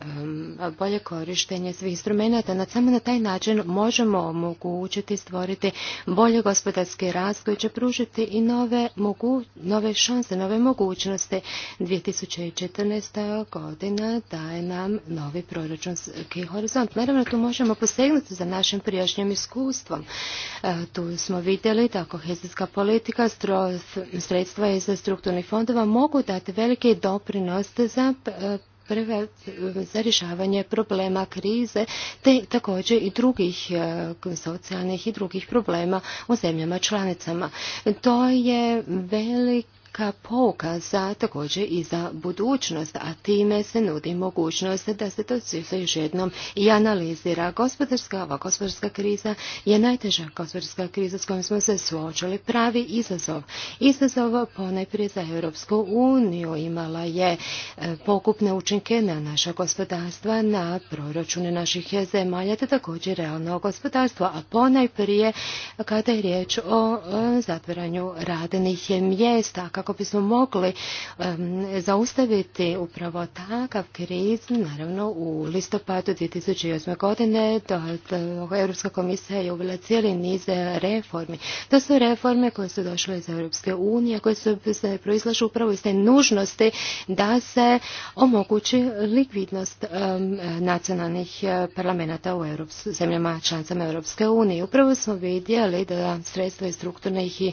bolje korištenje svih instrumenta. Samo na taj način možemo omogućiti stvoriti bolje gospodarski rast koji će pružiti i nove, mogu, nove šanse, nove mogućnosti. 2014. godina daje nam novi proračunski horizont. Naravno, tu možemo posegnuti za našim prijašnjim iskustvom. E, tu smo vidjeli da kohezijska politika, sredstva iz strukturnih fondova mogu dati velike doprinos za e, Eh, za rješavanje problema krize, te također i drugih eh, socijalnih i drugih problema u zemljama članicama. To je velik pokaza za također i za budućnost, a time se nudi mogućnost da se to još jednom i analizira. Gospodarska, ova gospodarska kriza je najteža gospodarska kriza s kojom smo se suočili. Pravi izazov. Izazov ponajprije za Europsku uniju imala je e, pokupne učinke na naša gospodarstva, na proračune naših zemalja, te također realno gospodarstvo, a ponajprije kada je riječ o e, zatvaranju radnih mjesta, kako kako bismo mogli zaustaviti upravo takav kriz, naravno u listopadu 2008. godine Europska komisija je uvela cijeli niz reformi. To su reforme koje su došle iz Europske unije, koje su proizlažu upravo iz te nužnosti da se omogući likvidnost nacionalnih eh, parlamenta u zemljama članicama Europske unije. Upravo smo vidjeli da sredstva i strukturnih i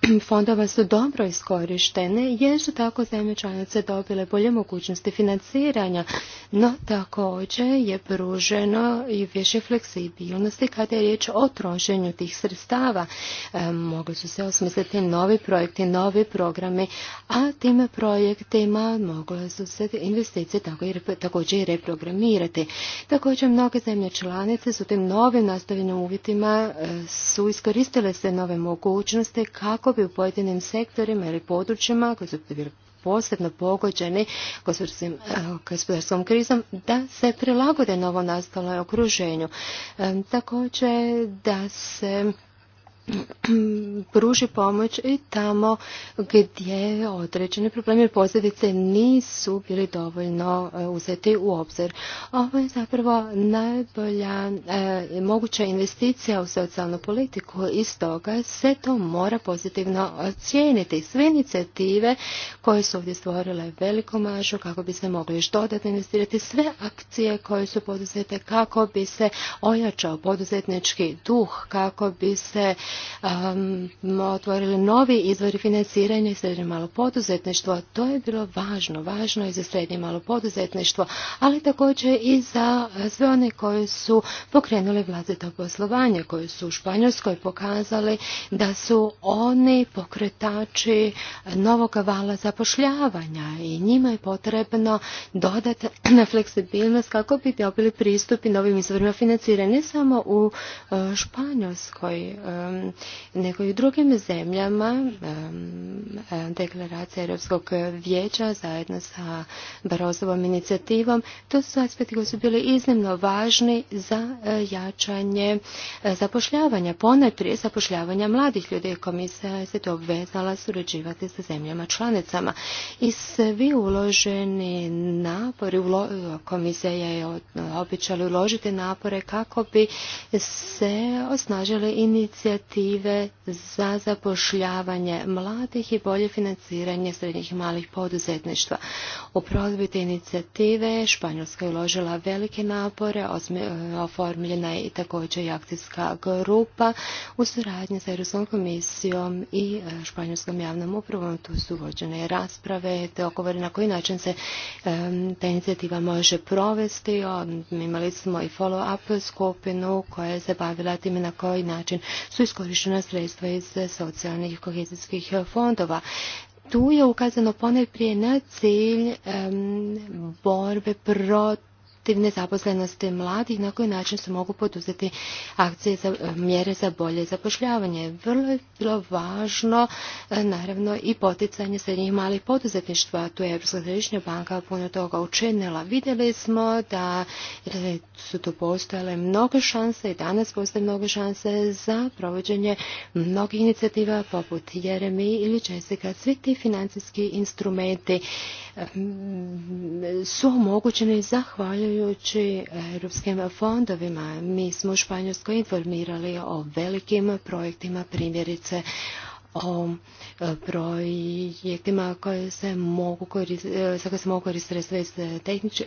fondova su dobro iskorištene jer su tako zemlje članice dobile bolje mogućnosti financiranja, no također je pruženo i više fleksibilnosti kada je riječ o trošenju tih sredstava. E, mogli su se osmisliti novi projekti, novi programi, a tim projektima mogle su se investicije tako također i reprogramirati. Također mnoge zemlje članice su tim novim nastavljenim uvjetima e, su iskoristile se nove mogućnosti kako bi u pojedinim sektorima ili područjima koji su bili posebno pogođeni eh, gospodarskom krizom da se prilagode novo nastalo okruženju. Također da se pruži pomoć i tamo gdje određene probleme i posljedice nisu bili dovoljno e, uzeti u obzir. Ovo je zapravo najbolja e, moguća investicija u socijalnu politiku i toga se to mora pozitivno ocijeniti. Sve inicijative koje su ovdje stvorile veliku mažu kako bi se mogli još dodatno investirati, sve akcije koje su poduzete kako bi se ojačao poduzetnički duh, kako bi se um, otvorili novi izvori financiranja i srednje malo poduzetništvo. To je bilo važno, važno i za srednje malo poduzetništvo, ali također i za e, sve one koji su pokrenuli vlastito poslovanje, koje su u Španjolskoj pokazali da su oni pokretači novog vala zapošljavanja i njima je potrebno dodatna fleksibilnost kako bi dobili pristup i novim izvorima financiranja ne samo u e, Španjolskoj nego i u drugim zemljama deklaracija Europskog vijeća zajedno sa Barozovom inicijativom. To su aspekti koji su bili iznimno važni za e, jačanje e, zapošljavanja, ponajprije zapošljavanja mladih ljudi. Komisija se to obvezala surađivati sa zemljama članicama. I svi uloženi napori, komisija je običala uložiti napore kako bi se osnažile inicijative inicijative za zapošljavanje mladih i bolje financiranje srednjih i malih poduzetništva. U provedbi te inicijative Španjolska je uložila velike napore, e, oformljena je i također i akcijska grupa u suradnji sa Europskom komisijom i e, Španjolskom javnom upravom. Tu su vođene rasprave, te okovore na koji način se e, ta inicijativa može provesti. Imali smo i follow-up skupinu koja je zabavila time na koji način su iskorištena sredstva iz socijalnih i kohezijskih e, fondova. Tu je ukazano ponajprije na cilj borbe protiv aktivne zaposlenosti mladih na koji način se mogu poduzeti akcije za e, mjere za bolje zapošljavanje. Vrlo je bilo važno e, naravno i poticanje srednjih malih poduzetništva. Tu je Europska središnja banka puno toga učinila. Vidjeli smo da su tu postojale mnoge šanse i danas postoje mnoge šanse za provođenje mnogih inicijativa poput Jeremi ili Jessica. Svi ti financijski instrumenti e, su omogućeni zahvaljuju zahvaljujući europskim fondovima mi smo u Španjolskoj informirali o velikim projektima primjerice o e, projektima koje se mogu koristiti, e, za koje se mogu koristiti sredstva, e, tehnička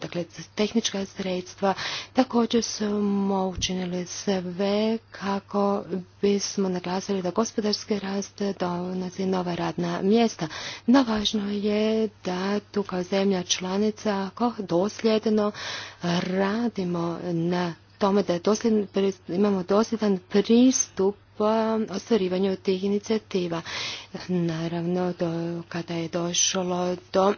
dakle, tehnička sredstva. Također smo učinili sve kako bismo naglasili da gospodarski rast donosi nova radna mjesta. No važno je da tu kao zemlja članica ako dosljedno radimo na tome da imamo dosljedan pristup po ostvarivanju tih inicijativa. Naravno, kada je došlo do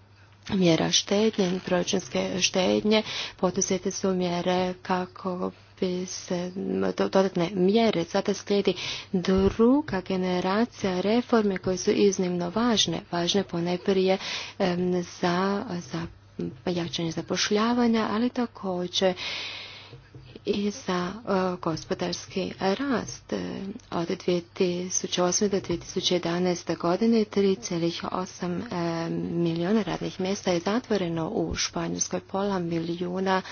mjera štednje, proračunske štednje, poduzete su mjere kako bi se dodatne mjere. Sada slijedi druga generacija reforme koje su iznimno važne. Važne poneprije za, za jačanje zapošljavanja, ali također i za e, gospodarski rast e, od 2008. do 2011. godine 3,8 e, milijuna radnih mjesta je zatvoreno u Španjolskoj, pola milijuna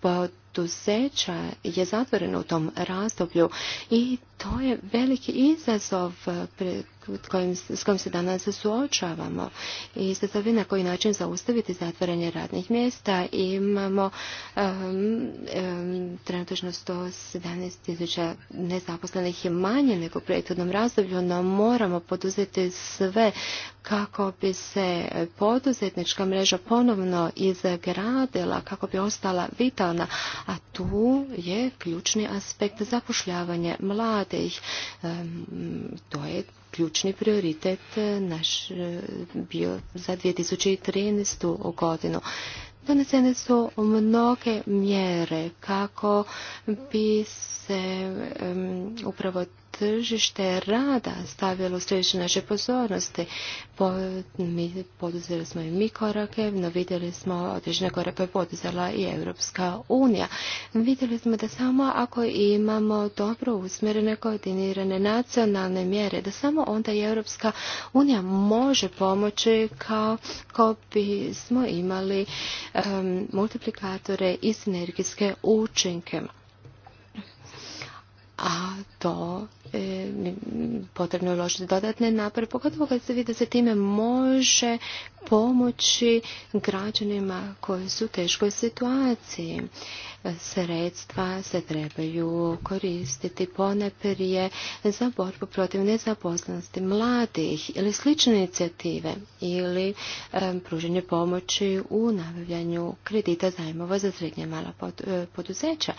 pod poduzeća je zatvoreno u tom razdoblju i to je veliki izazov eh, s kojim se danas suočavamo. I izazov je na koji način zaustaviti zatvaranje radnih mjesta. Imamo trenutno tisuća nezaposlenih je manje nego u prethodnom razdoblju, no moramo poduzeti sve kako bi se poduzetnička mreža ponovno izgradila, kako bi ostala vitalna, a tu je ključni aspekt zapošljavanje mladih. To je ključni prioritet e, naš e, bio za 2013. godinu. Donesene su mnoge mjere kako bi se upravo tržište rada stavilo središte naše pozornosti. mi poduzeli smo i mi korake, no vidjeli smo određene korake poduzela i Europska unija. Vidjeli smo da samo ako imamo dobro usmjerene, koordinirane nacionalne mjere, da samo onda i Europska unija može pomoći kao bi smo imali multiplikatore i sinergijske učinke a to e, potrebno je uložiti dodatne napore, pogotovo kad se vidi da se time može pomoći građanima koji su u teškoj situaciji sredstva se trebaju koristiti poneprije za borbu protiv nezaposlenosti mladih ili slične inicijative ili pruženje pomoći u nabavljanju kredita zajmova za srednje mala e, poduzeća.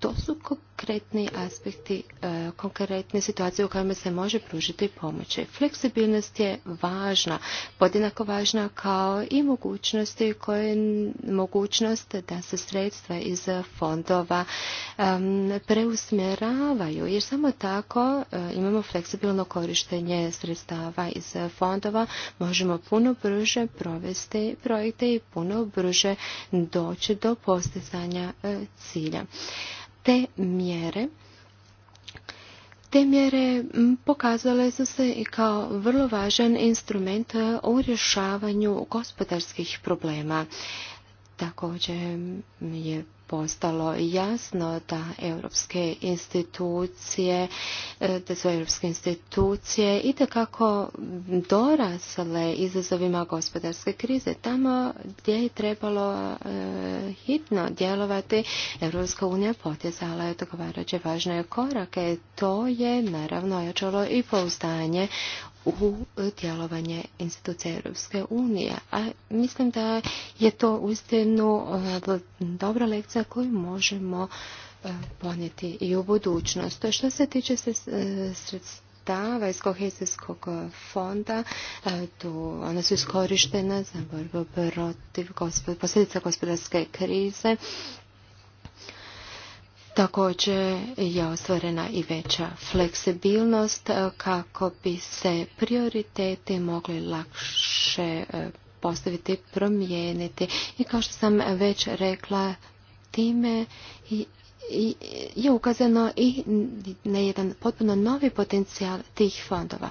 To su konkretni aspekti, e, konkretne situacije u kojima se može pružiti pomoći. Fleksibilnost je važna, podjednako važna kao i mogućnosti koje mogućnost da se sredstva iz fondova preusmjeravaju, jer samo tako e, imamo fleksibilno korištenje sredstava iz fondova, možemo puno brže provesti projekte i puno brže doći do postizanja e, cilja. Te mjere te mjere pokazale su se i kao vrlo važan instrument e, u rješavanju gospodarskih problema. Također je postalo jasno da europske institucije, da su europske institucije i kako dorasle izazovima gospodarske krize. Tamo gdje je trebalo eh, hitno djelovati, Europska unija potjezala je odgovarajuće važne korake. To je naravno ojačalo i pouzdanje u djelovanje institucije Europske unije. A mislim da je to uistinu e, dobra lekcija koju možemo e, ponijeti i u budućnost. Što se tiče sredstva e, sredstava iz kohezijskog fonda, tu ona su iskorištena za borbu protiv posljedica gospodarske krize Također je ostvorena i veća fleksibilnost e, kako bi se prioriteti mogli lakše e, postaviti, promijeniti. I kao što sam već rekla, time je ukazano i na jedan potpuno novi potencijal tih fondova.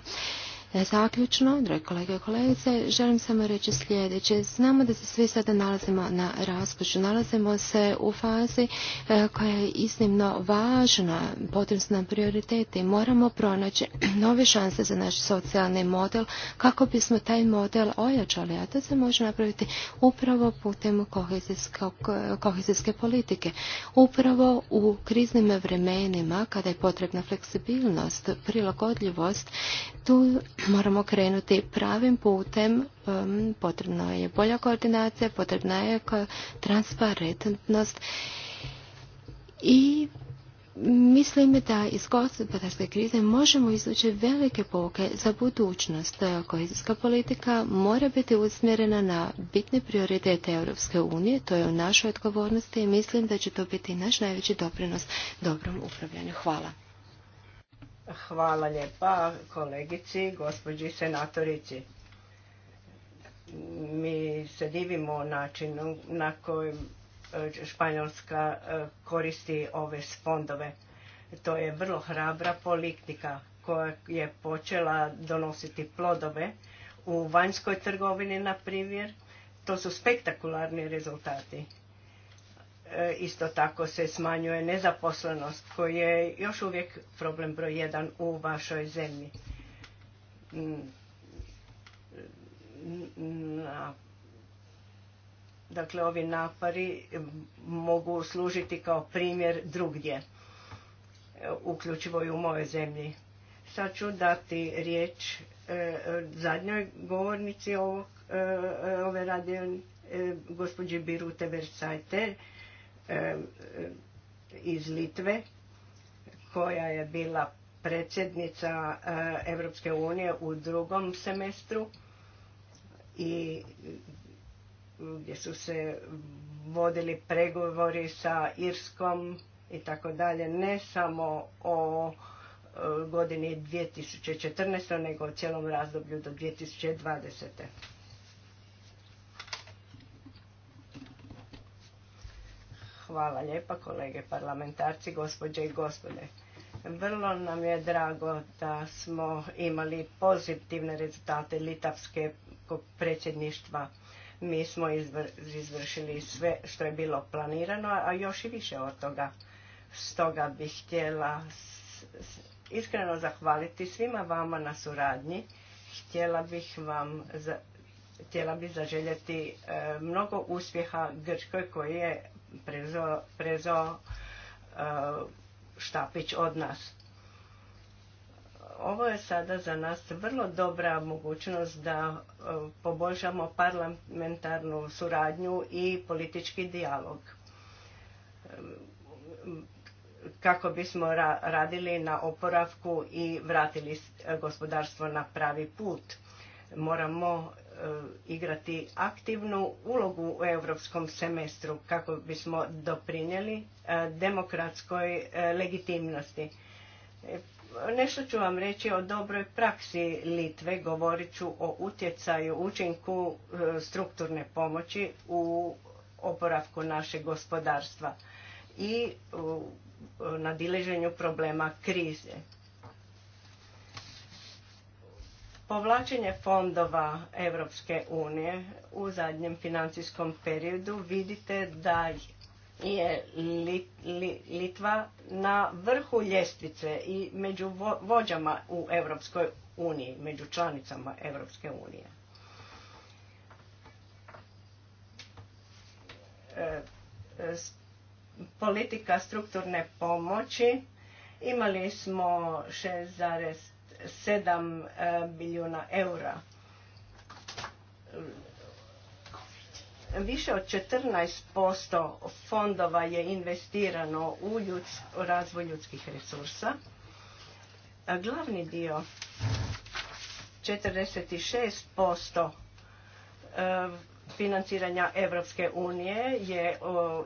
E, zaključno, drage kolege i kolegice, želim samo reći sljedeće. Znamo da se svi sada nalazimo na raspoču. Nalazimo se u fazi e, koja je iznimno važna, potrebna i Moramo pronaći nove šanse za naš socijalni model kako bismo taj model ojačali, a to se može napraviti upravo putem kohezijske politike. Upravo u kriznim vremenima kada je potrebna fleksibilnost, prilagodljivost, tu moramo krenuti pravim putem, potrebna je bolja koordinacija, potrebna je transparentnost i Mislim da iz gospodarske krize možemo izvući velike pouke za budućnost. Kohezijska politika mora biti usmjerena na bitne prioritete Europske unije, to je u našoj odgovornosti i mislim da će to biti naš najveći doprinos dobrom upravljanju. Hvala. Hvala lijepa kolegici, gospođi senatorici. Mi se divimo načinu na koji e, Španjolska e, koristi ove fondove. To je vrlo hrabra politika koja je počela donositi plodove u vanjskoj trgovini, na primjer. To su spektakularni rezultati E, isto tako se smanjuje nezaposlenost koji je još uvijek problem broj jedan u vašoj zemlji. Mm, mm, dakle, ovi napari mogu služiti kao primjer drugdje, e, uključivo i u mojoj zemlji. Sad ću dati riječ e, zadnjoj govornici ovog, ove radio, gospođi Birute Versajter iz Litve koja je bila predsjednica Europske unije u drugom semestru i gdje su se vodili pregovori sa Irskom i tako dalje, ne samo o e, godini 2014. nego o cijelom razdoblju do 2020. Hvala lijepa kolege parlamentarci, gospođe i gospode. Vrlo nam je drago da smo imali pozitivne rezultate litavske predsjedništva. Mi smo izvršili sve što je bilo planirano, a još i više od toga. Stoga bih htjela iskreno zahvaliti svima vama na suradnji. Htjela bih vam htjela bih zaželjeti e, mnogo uspjeha Grčkoj koji je prezo, uh, štapić od nas. Ovo je sada za nas vrlo dobra mogućnost da uh, poboljšamo parlamentarnu suradnju i politički dijalog um, kako bismo radili na oporavku i vratili gospodarstvo na pravi put. Moramo E, igrati aktivnu ulogu u europskom semestru kako bismo doprinijeli e, demokratskoj e, legitimnosti. Nešto ću vam reći o dobroj praksi Litve, govorit ću o utjecaju, učinku strukturne pomoći u oporavku našeg gospodarstva i na dileženju problema krize. Povlačenje fondova Europske unije u zadnjem financijskom periodu vidite da je Litva na vrhu ljestvice i među vođama u Europskoj uniji, među članicama Europske unije. E, politika strukturne pomoći imali smo 6,3 7 e, milijuna eura. Više od 14% fondova je investirano u, razvoj ljudskih resursa. glavni dio, 46% e, financiranja Europske unije je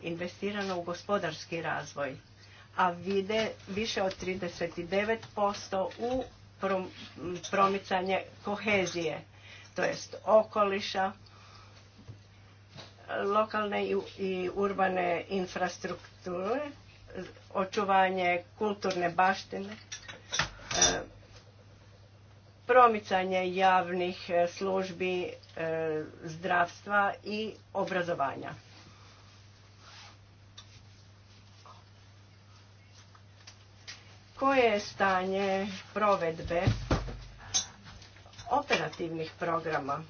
investirano u gospodarski razvoj, a vide više od 39% u promicanje kohezije, to jest okoliša, lokalne i urbane infrastrukture, očuvanje kulturne baštine, e, promicanje javnih e, službi e, zdravstva i obrazovanja. koje je stanje provedbe operativnih programa.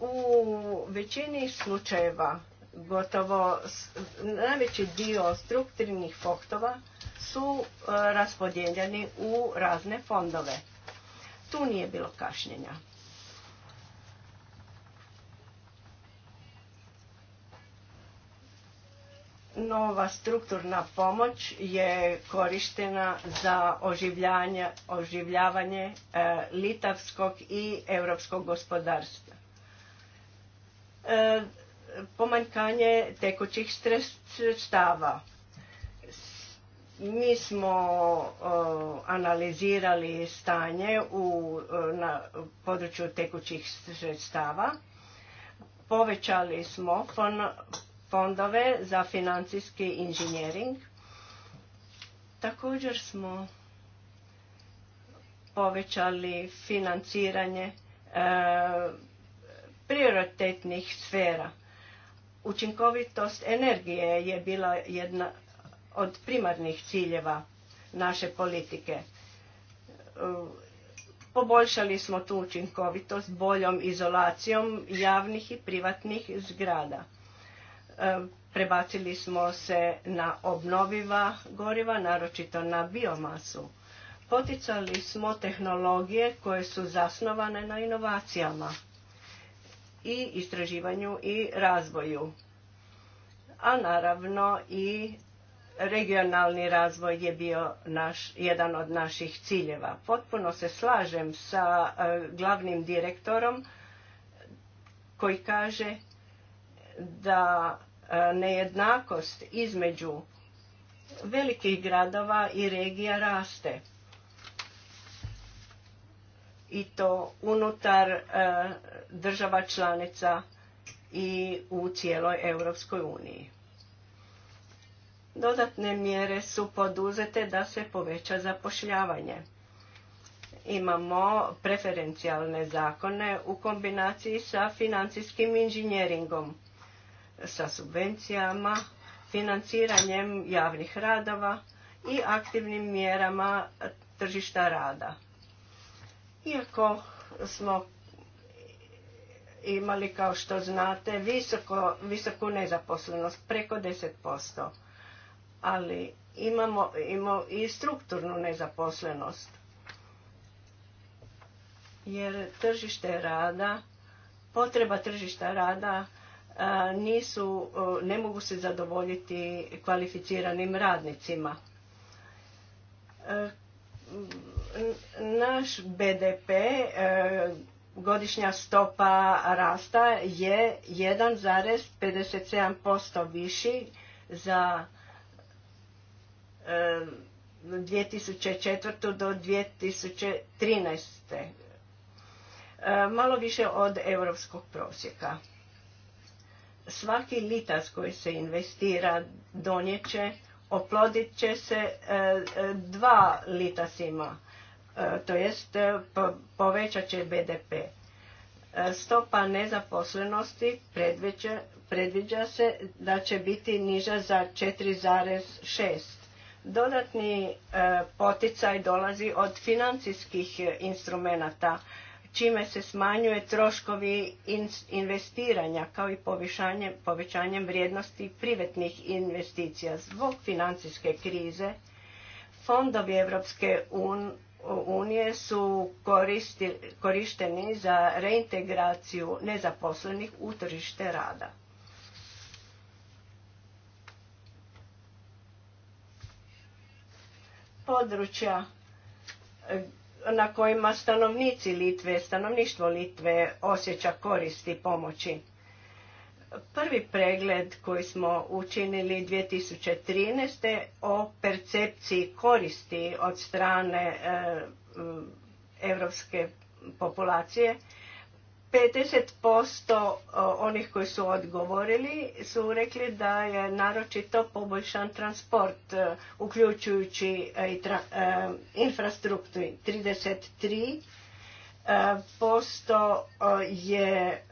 U većini slučajeva gotovo najveći dio strukturnih fondova su e, raspodijeljeni u razne fondove. Tu nije bilo kašnjenja. nova strukturna pomoć je korištena za oživljavanje e, litavskog i europskog gospodarstva. E, pomanjkanje tekućih sredstava. Mi smo analizirali stanje u, e, na području tekućih sredstava. Povećali smo fondove za financijski inženjering. Također smo povećali financiranje e, prioritetnih sfera. Učinkovitost energije je bila jedna od primarnih ciljeva naše politike. E, poboljšali smo tu učinkovitost boljom izolacijom javnih i privatnih zgrada. E, prebacili smo se na obnoviva goriva, naročito na biomasu. Poticali smo tehnologije koje su zasnovane na inovacijama i istraživanju i razvoju. A naravno i regionalni razvoj je bio naš, jedan od naših ciljeva. Potpuno se slažem sa e, glavnim direktorom koji kaže da E, nejednakost između velikih gradova i regija raste i to unutar e, država članica i u cijeloj Europskoj uniji. Dodatne mjere su poduzete da se poveća zapošljavanje. Imamo preferencijalne zakone u kombinaciji sa financijskim inženjeringom sa subvencijama, financiranjem javnih radova i aktivnim mjerama tržišta rada. Iako smo imali, kao što znate, visoko, visoku nezaposlenost, preko 10%, ali imamo, imamo i strukturnu nezaposlenost. Jer tržište rada, potreba tržišta rada nisu, ne mogu se zadovoljiti kvalificiranim radnicima. E, naš BDP, e, godišnja stopa rasta je 1,57% viši za 2004. E, do 2013. Malo više od europskog prosjeka. Svaki litas koji se investira donijet će, oplodit će se e, e, dva litasima, e, to jest povećat će BDP. Stopa nezaposlenosti predviđa, se da će biti niža za 4,6. Dodatni poticaj dolazi od financijskih instrumenata čime se smanjuje troškovi investiranja kao i povećanjem vrijednosti privatnih investicija. Zbog financijske krize fondovi Europske unije su korišteni za reintegraciju nezaposlenih u tržište rada. Područja na kojima stanovnici Litve, stanovništvo Litve osjeća koristi pomoći. Prvi pregled koji smo učinili 2013. o percepciji koristi od strane europske eh, populacije 50% onih koji su odgovorili su rekli da je naročito poboljšan transport, e, uključujući e, i e, infrastrukturu. 33% je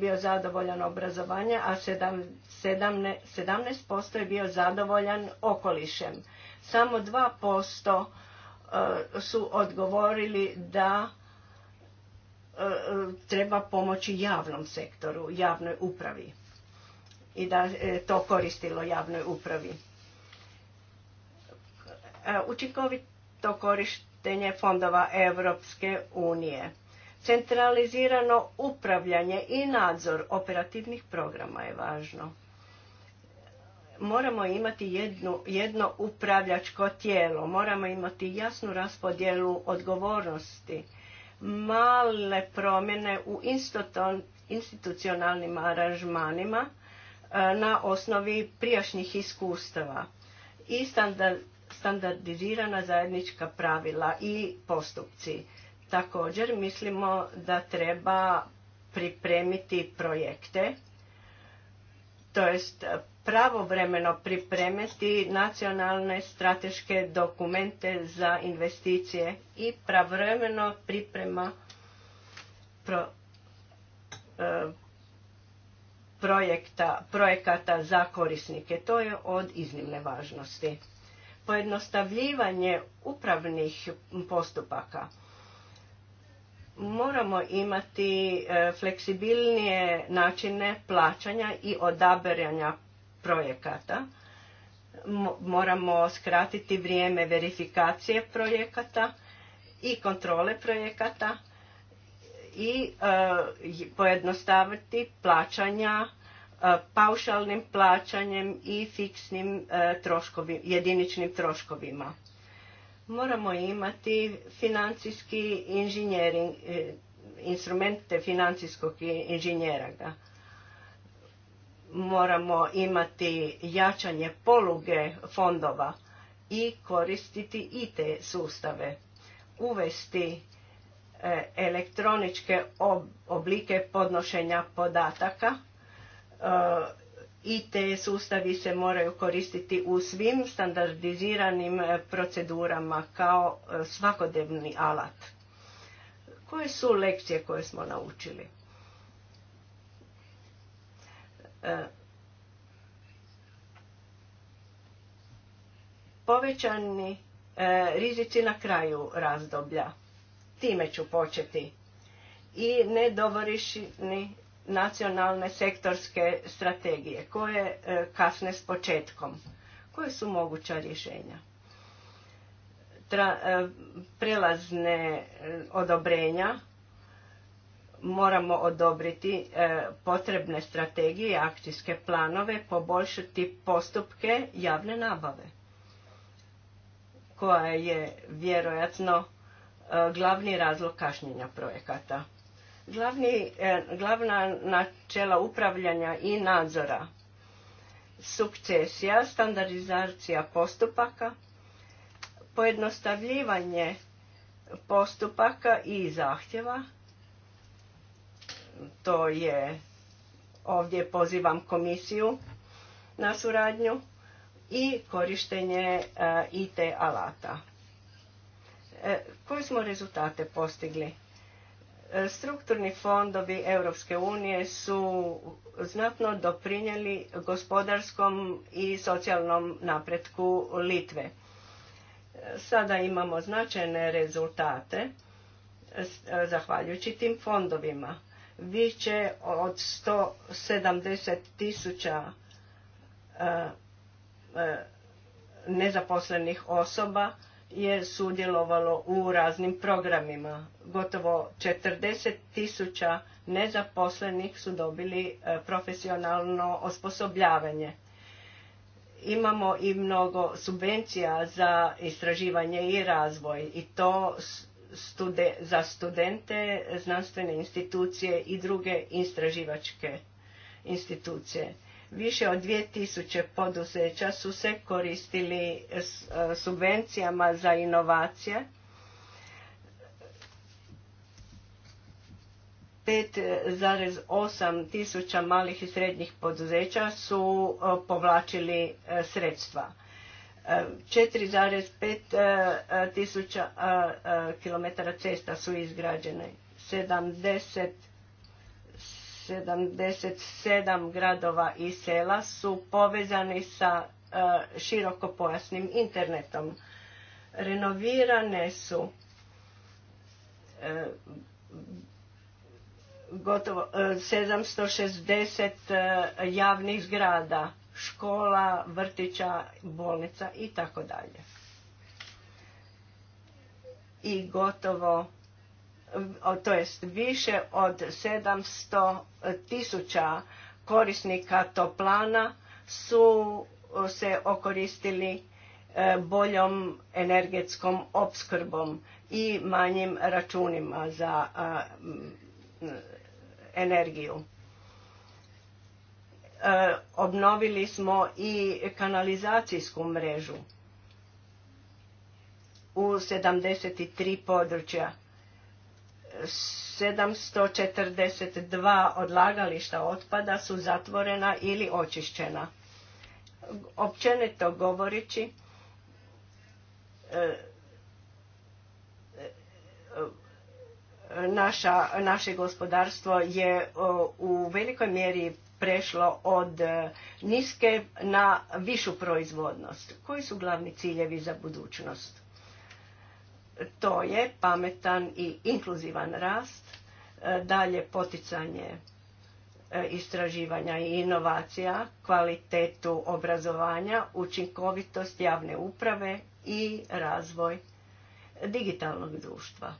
bio zadovoljan obrazovanje, a 17% je bio zadovoljan okolišem. Samo 2% su odgovorili da E, e, treba pomoći javnom sektoru, javnoj upravi i da je to koristilo javnoj upravi. E, učinkovito korištenje fondova Europske unije, centralizirano upravljanje i nadzor operativnih programa je važno. Moramo imati jednu, jedno upravljačko tijelo, moramo imati jasnu raspodjelu odgovornosti male promjene u institucionalnim aranžmanima e, na osnovi prijašnjih iskustava i standardizirana zajednička pravila i postupci. Također mislimo da treba pripremiti projekte, to jest pravovremeno pripremiti nacionalne strateške dokumente za investicije i pravovremeno priprema e, projekata za korisnike. To je od iznimne važnosti. Pojednostavljivanje upravnih postupaka. Moramo imati e, fleksibilnije načine plaćanja i odabiranja projekata. Moramo skratiti vrijeme verifikacije projekata i kontrole projekata i e, pojednostaviti plaćanja e, paušalnim plaćanjem i fiksnim e, jediničnim troškovima. Moramo imati financijski inženjering, instrumente financijskog inženjeraga moramo imati jačanje poluge fondova i koristiti i te sustave. Uvesti e, elektroničke oblike podnošenja podataka e, i te sustavi se moraju koristiti u svim standardiziranim e, procedurama kao svakodnevni alat. Koje su lekcije koje smo naučili? Povećani e, rizici na kraju razdoblja. Time ću početi. I nedovorišni nacionalne sektorske strategije koje e, kasne s početkom. Koje su moguća rješenja? E, prelazne odobrenja moramo odobriti e, potrebne strategije i akcijske planove, poboljšati postupke javne nabave, koja je vjerojatno e, glavni razlog kašnjenja projekata. Glavni, e, glavna načela upravljanja i nadzora, sukcesija, standardizacija postupaka, pojednostavljivanje postupaka i zahtjeva, to je ovdje pozivam komisiju na suradnju i korištenje e, IT alata. E, koje smo rezultate postigli? E, strukturni fondovi Europske unije su znatno doprinijeli gospodarskom i socijalnom napretku Litve. Sada imamo značajne rezultate zahvaljujući tim fondovima više od 170 tisuća e, e, nezaposlenih osoba je sudjelovalo u raznim programima. Gotovo 40 tisuća nezaposlenih su dobili e, profesionalno osposobljavanje. Imamo i mnogo subvencija za istraživanje i razvoj i to za studente, znanstvene institucije i druge istraživačke institucije. Više od 2000 poduzeća su se koristili e, subvencijama za inovacije. 5,8 tisuća malih i srednjih poduzeća su e, povlačili e, sredstva. 4,5 e, e, tisuća e, kilometara cesta su izgrađene. 70 77 gradova i sela su povezani sa širokopojasnim internetom. Renovirane su gotovo 760 javnih zgrada škola, vrtića, bolnica i tako dalje. I gotovo, to jest više od 700 tisuća korisnika toplana su se okoristili e, boljom energetskom opskrbom i manjim računima za energiju. E, obnovili smo i kanalizacijsku mrežu u 73 područja. 742 odlagališta otpada su zatvorena ili očišćena. Općenito govoreći, e, e, naše gospodarstvo je u velikoj mjeri prešlo od e, niske na višu proizvodnost. Koji su glavni ciljevi za budućnost? To je pametan i inkluzivan rast, e, dalje poticanje e, istraživanja i inovacija, kvalitetu obrazovanja, učinkovitost javne uprave i razvoj digitalnog društva.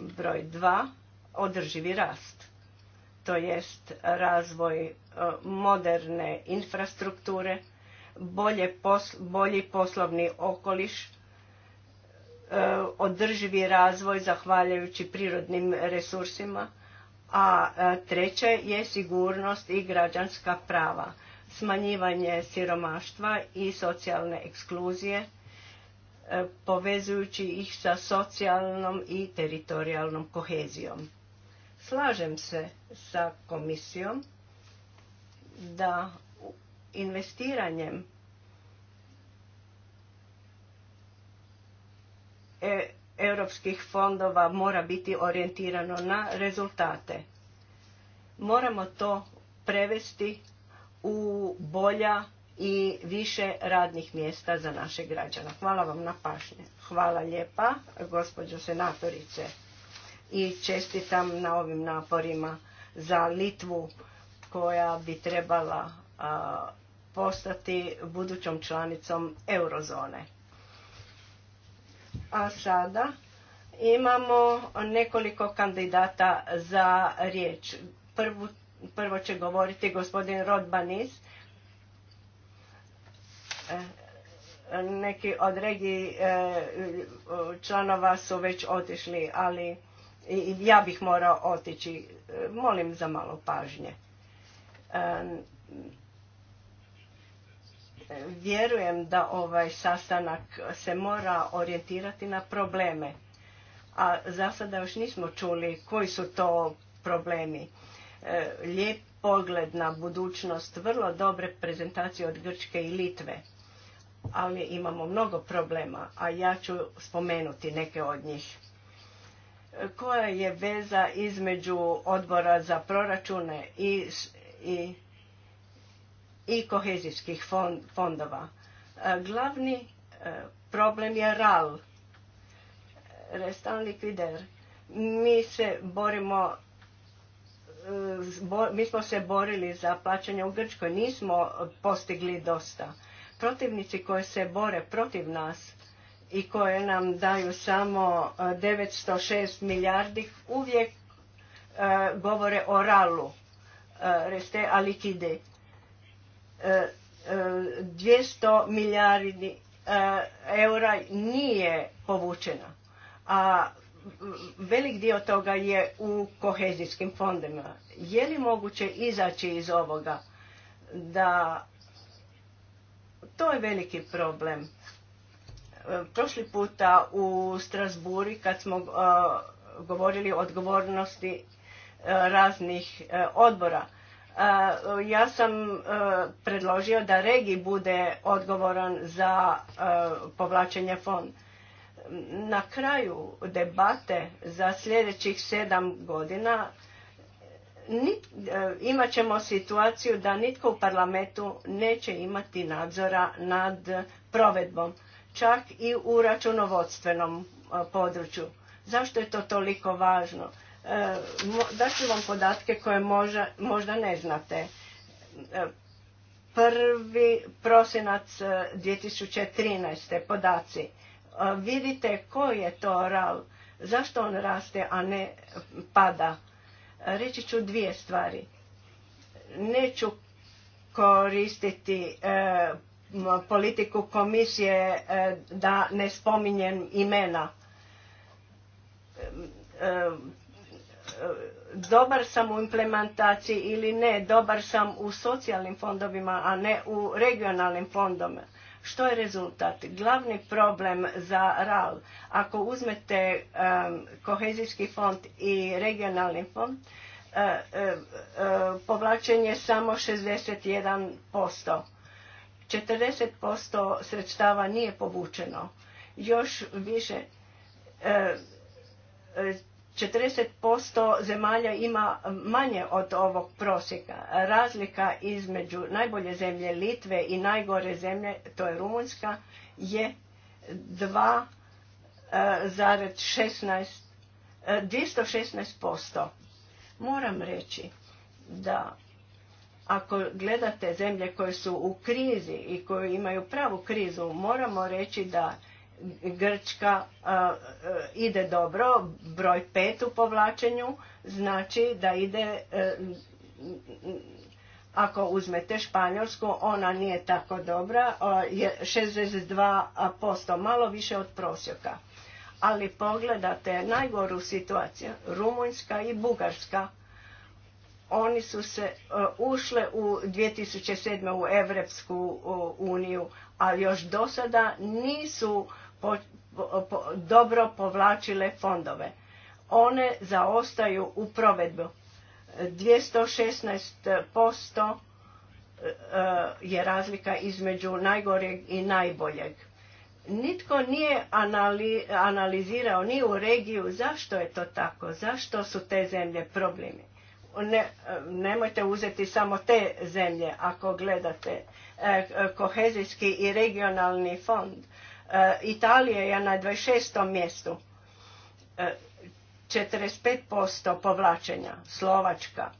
Broj dva, Održivi rast to jest razvoj e, moderne infrastrukture, bolje bolji poslovni okoliš, e, održivi razvoj zahvaljujući prirodnim resursima, a e, treće je sigurnost i građanska prava, smanjivanje siromaštva i socijalne ekskluzije, povezujući ih sa socijalnom i teritorijalnom kohezijom. Slažem se sa komisijom da investiranjem e, europskih fondova mora biti orijentirano na rezultate. Moramo to prevesti u bolja i više radnih mjesta za naše građana. Hvala vam na pašnje. Hvala lijepa, gospođo senatorice i čestitam na ovim naporima za Litvu koja bi trebala postati budućom članicom eurozone. A sada imamo nekoliko kandidata za riječ. prvo će govoriti gospodin Rodbanis, e, neki od regiji e, članova su već otišli, ali ja bih morao otići. E, molim za malo pažnje. E, vjerujem da ovaj sastanak se mora orijentirati na probleme, a za sada još nismo čuli koji su to problemi. E, lijep pogled na budućnost, vrlo dobre prezentacije od Grčke i Litve, ali imamo mnogo problema, a ja ću spomenuti neke od njih koja je veza između odbora za proračune i, i, i kohezijskih fondova. E, glavni e, problem je RAL, restan Liquider. Mi se borimo e, mi smo se borili za plaćanje u Grčkoj, nismo postigli dosta. Protivnici koji se bore protiv nas i koje nam daju samo 906 e, milijardi uvijek e, govore o ralu e, reste alikide 200 milijardi eura nije povučeno a velik dio toga je u kohezijskim fondima je li moguće izaći iz ovoga da to je veliki problem prošli puta u Strasburi kad smo uh, govorili o odgovornosti uh, raznih uh, odbora. Ja sam predložio da regij bude odgovoran za povlačenje fond. Na kraju debate za sljedećih sedam godina imat ćemo situaciju da nitko u parlamentu neće imati nadzora nad provedbom čak i u računovodstvenom e, području. Zašto je to toliko važno? E, Daću vam podatke koje možda, ne znate. E, prvi prosinac 2013. podaci. Vidite koji je to ral, zašto on raste, a ne pada. Reći ću dvije stvari. Neću koristiti politiku komisije e, da ne spominjem imena. E, e, dobar sam u implementaciji ili ne, dobar sam u socijalnim fondovima, a ne u regionalnim fondovima. Što je rezultat? Glavni problem za RAL, ako uzmete kohezijski fond i regionalni fond, povlačenje je samo 61%. 40% sredstava nije povučeno. Još više, 40% e, e, zemalja ima manje od ovog prosjeka. Razlika između najbolje zemlje Litve i najgore zemlje, to je Rumunjska, je 2,16 216%. E, Moram reći da ako gledate zemlje koje su u krizi i koje imaju pravu krizu, moramo reći da Grčka e, e, ide dobro, broj pet u povlačenju, znači da ide, e, ako uzmete Španjolsku, ona nije tako dobra, a, je 62%, malo više od prosjeka. Ali pogledate najgoru situaciju, Rumunjska i Bugarska, oni su se e, ušle u 2007. u Evropsku e, uniju, ali još do sada nisu dobro povlačile fondove. One zaostaju u provedbu. 216% e, je razlika između najgoreg i najboljeg. Nitko nije analizirao ni u regiju zašto je to tako, zašto su te zemlje problemi nemojte uzeti samo te zemlje ako gledate e, kohezijski i regionalni fond. E, Italija je na 26. mjestu. 45% e, povlačenja. Slovačka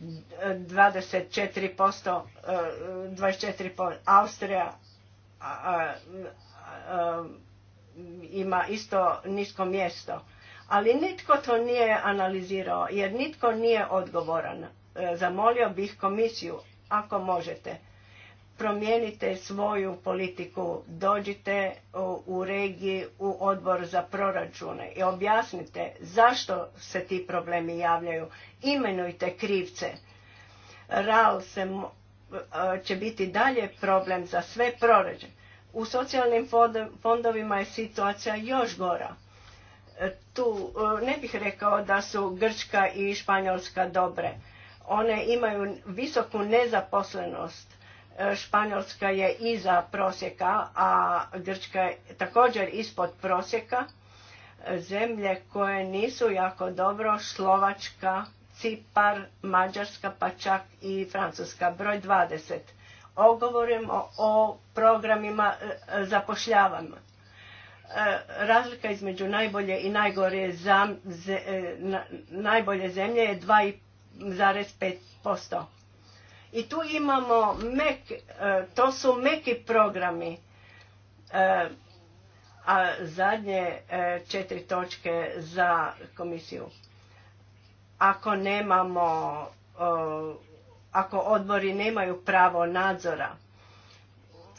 24%, 24%. Austrija ima isto nisko mjesto ali nitko to nije analizirao jer nitko nije odgovoran. E, zamolio bih komisiju, ako možete, promijenite svoju politiku, dođite u regiji u odbor za proračune i objasnite zašto se ti problemi javljaju. Imenujte krivce. RAL se, e, će biti dalje problem za sve proračune. U socijalnim fondovima je situacija još gora tu eh, ne bih rekao da su Grčka i Španjolska dobre. One imaju visoku nezaposlenost. Eh, Španjolska je iza prosjeka, a Grčka je također ispod prosjeka. Eh, Zemlje koje nisu jako dobro, Slovačka, Cipar, Mađarska, pa čak i Francuska, broj 20. Ogovorimo o programima zapošljavanja E, razlika između najbolje i najgore e, najbolje zemlje je 2,5%. I tu imamo mek, e, to su meki programi. A zadnje četiri točke za komisiju. Ako nemamo, ako odbori nemaju pravo nadzora,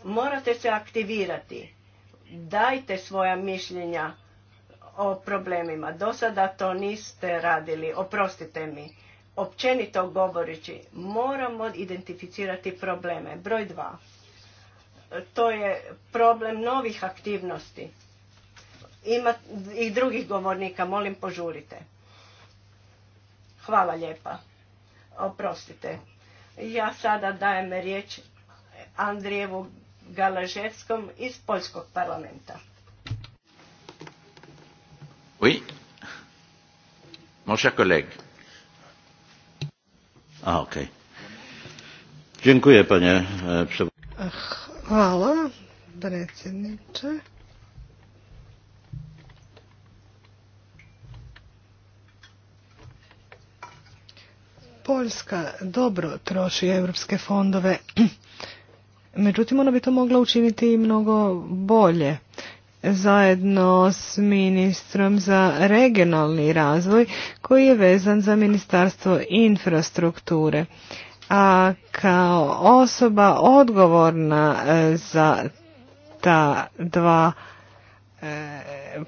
morate se aktivirati dajte svoja mišljenja o problemima. Do sada to niste radili, oprostite mi. Općenito govoreći, moramo identificirati probleme. Broj dva, to je problem novih aktivnosti. Ima i drugih govornika, molim požurite. Hvala lijepa. Oprostite. Ja sada dajem riječ Andrijevu Galaževskom iz Poljskog parlamenta. Oui. Mon cher collègue. A, ah, ok. Dziękuję, panie e, przewodniczący. Ah, hvala, predsjedniče. Poljska dobro troši evropske fondove Međutim, ona bi to mogla učiniti i mnogo bolje. Zajedno s ministrom za regionalni razvoj koji je vezan za Ministarstvo infrastrukture. A kao osoba odgovorna e, za ta dva e,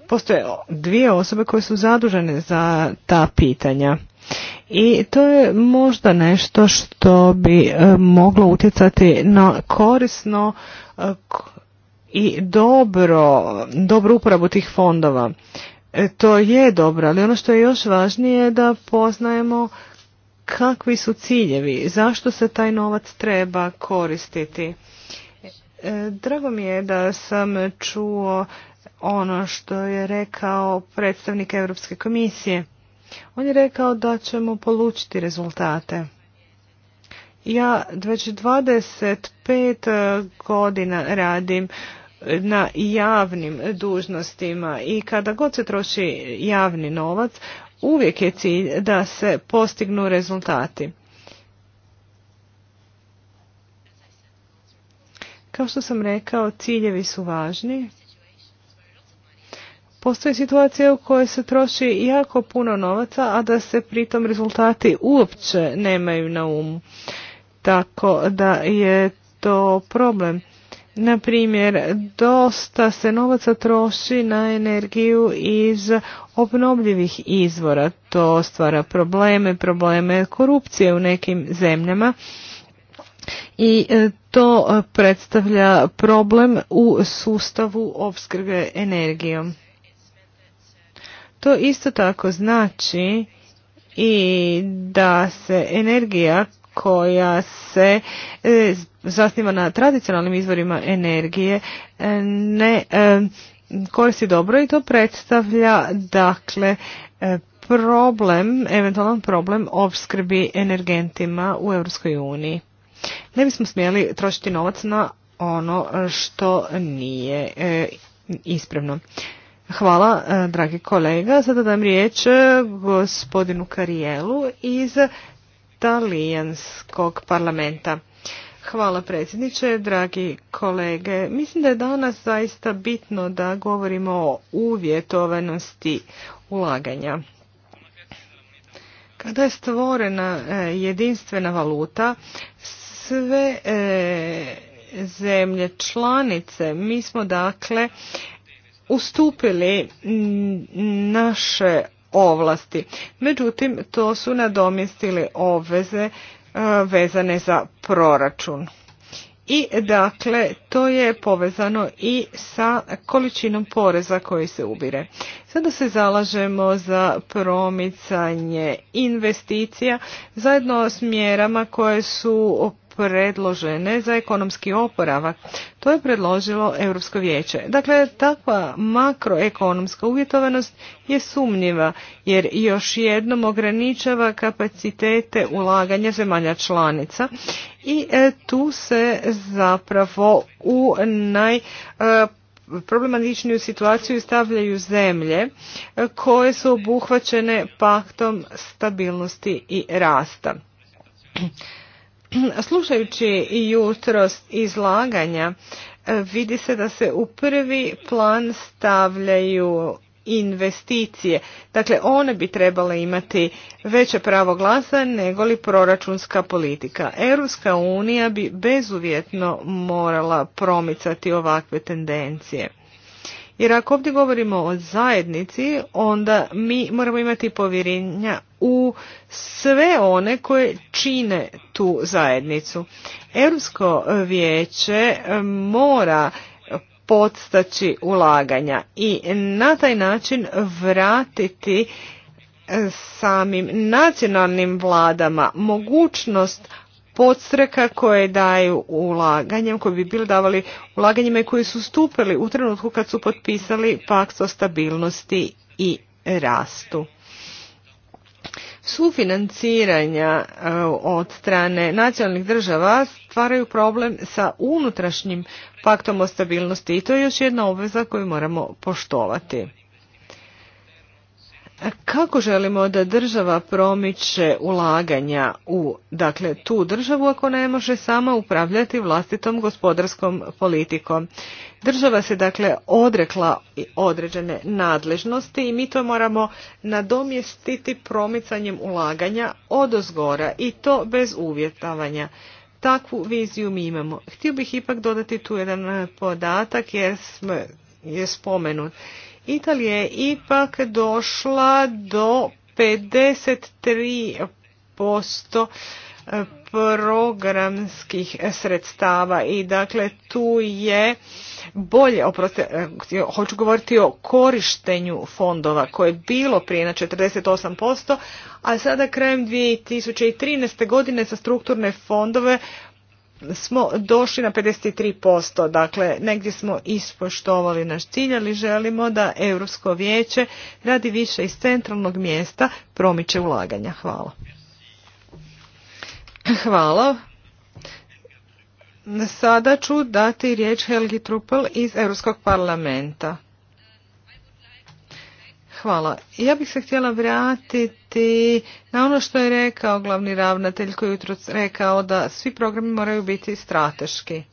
postoje dvije osobe koje su zadužene za ta pitanja. I to je možda nešto što bi e, moglo utjecati na korisno e, i dobro, dobru uporabu tih fondova. E, to je dobro, ali ono što je još važnije je da poznajemo kakvi su ciljevi, zašto se taj novac treba koristiti. Drago mi je da sam čuo ono što je rekao predstavnik Europske komisije. On je rekao da ćemo polučiti rezultate. Ja već 25 e, godina radim e, na javnim dužnostima i kada god se troši javni novac, uvijek je cilj da se postignu rezultati. Kao što sam rekao, ciljevi su važni. Postoji situacije u kojoj se troši jako puno novaca, a da se pritom rezultati uopće nemaju na umu. Tako da je to problem. Na primjer, dosta se novaca troši na energiju iz obnovljivih izvora. To stvara probleme, probleme korupcije u nekim zemljama i e, to predstavlja problem u sustavu opskrbe energijom. To isto tako znači i da se energija koja se e, zasniva na tradicionalnim izvorima energije e, ne e, koristi dobro i to predstavlja dakle problem, eventualan problem opskrbi energentima u Europskoj uniji. Ne bismo smjeli trošiti novac na ono što nije ispravno. Hvala, e, dragi kolega. Sada dam riječ e, gospodinu Karijelu iz talijanskog parlamenta. Hvala predsjedniče, dragi kolege. Mislim da je danas zaista bitno da govorimo o uvjetovanosti ulaganja. Kada je stvorena e, jedinstvena valuta, sve zemlje članice, mi smo dakle ustupili naše ovlasti. Međutim, to su nadomjestili obveze e, vezane za proračun. I dakle, to je povezano i sa količinom poreza koji se ubire. Sada se zalažemo za promicanje investicija zajedno s mjerama koje su predložene za ekonomski oporavak. To je predložilo Europsko vijeće. Dakle, takva makroekonomska uvjetovanost je sumnjiva jer još jednom ograničava kapacitete ulaganja zemalja članica i e, tu se zapravo u naj e, problematičniju situaciju stavljaju zemlje e, koje su obuhvaćene paktom stabilnosti i rasta. Slušajući jutros izlaganja, vidi se da se u prvi plan stavljaju investicije. Dakle, one bi trebale imati veće pravo glasa nego li proračunska politika. Europska unija bi bezuvjetno morala promicati ovakve tendencije. Jer ako ovdje govorimo o zajednici, onda mi moramo imati povjerenja u sve one koje čine tu zajednicu. Europsko vijeće e, mora podstaći ulaganja i na taj način vratiti e, samim nacionalnim vladama mogućnost podstreka koje daju ulaganjem, koje bi bili davali ulaganjima i koji su stupili u trenutku kad su potpisali pakt o stabilnosti i rastu sufinanciranja e, od strane nacionalnih država stvaraju problem sa unutrašnjim paktom o stabilnosti i to je još jedna obveza koju moramo poštovati. Kako želimo da država promiče ulaganja u dakle, tu državu ako ne može sama upravljati vlastitom gospodarskom politikom? Država se dakle odrekla određene nadležnosti i mi to moramo nadomjestiti promicanjem ulaganja od i to bez uvjetavanja. Takvu viziju mi imamo. Htio bih ipak dodati tu jedan podatak jer je spomenut. Italija je ipak došla do 53% e, programskih sredstava i dakle tu je bolje, oprosti, e, hoću govoriti o korištenju fondova koje je bilo prije na 48%, a sada krajem 2013. godine sa strukturne fondove smo došli na 53%, dakle negdje smo ispoštovali naš cilj, ali želimo da Europsko vijeće radi više iz centralnog mjesta promiče ulaganja. Hvala. Hvala. Sada ću dati riječ Helgi Trupel iz Europskog parlamenta. Hvala. Ja bih se htjela vratiti na ono što je rekao glavni ravnatelj koji jutro rekao da svi programi moraju biti strateški.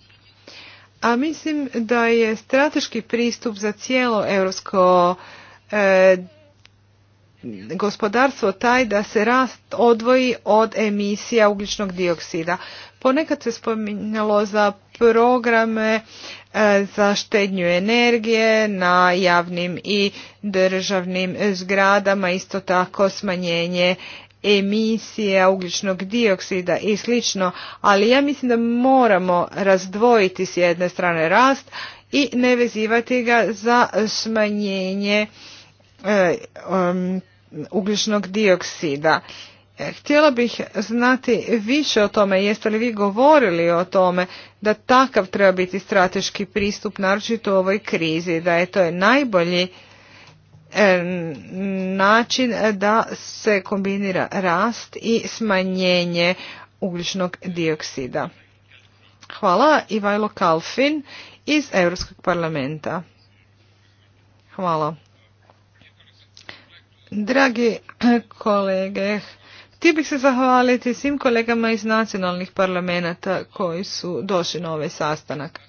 A mislim da je strateški pristup za cijelo europsko e, gospodarstvo taj da se rast odvoji od emisija ugljičnog dioksida. Ponekad se spominjalo za programe e, za štednju energije na javnim i državnim zgradama, isto tako smanjenje emisija ugljičnog dioksida i slično, ali ja mislim da moramo razdvojiti s jedne strane rast i ne vezivati ga za smanjenje e, um, ugljičnog dioksida. E, htjela bih znati više o tome, jeste li vi govorili o tome da takav treba biti strateški pristup, naročito u ovoj krizi, da je to najbolji e, način da se kombinira rast i smanjenje ugljičnog dioksida. Hvala Ivajlo Kalfin iz Europskog parlamenta. Hvala. Dragi kolege, htio bih se zahvaliti svim kolegama iz nacionalnih parlamenta koji su došli na ovaj sastanak.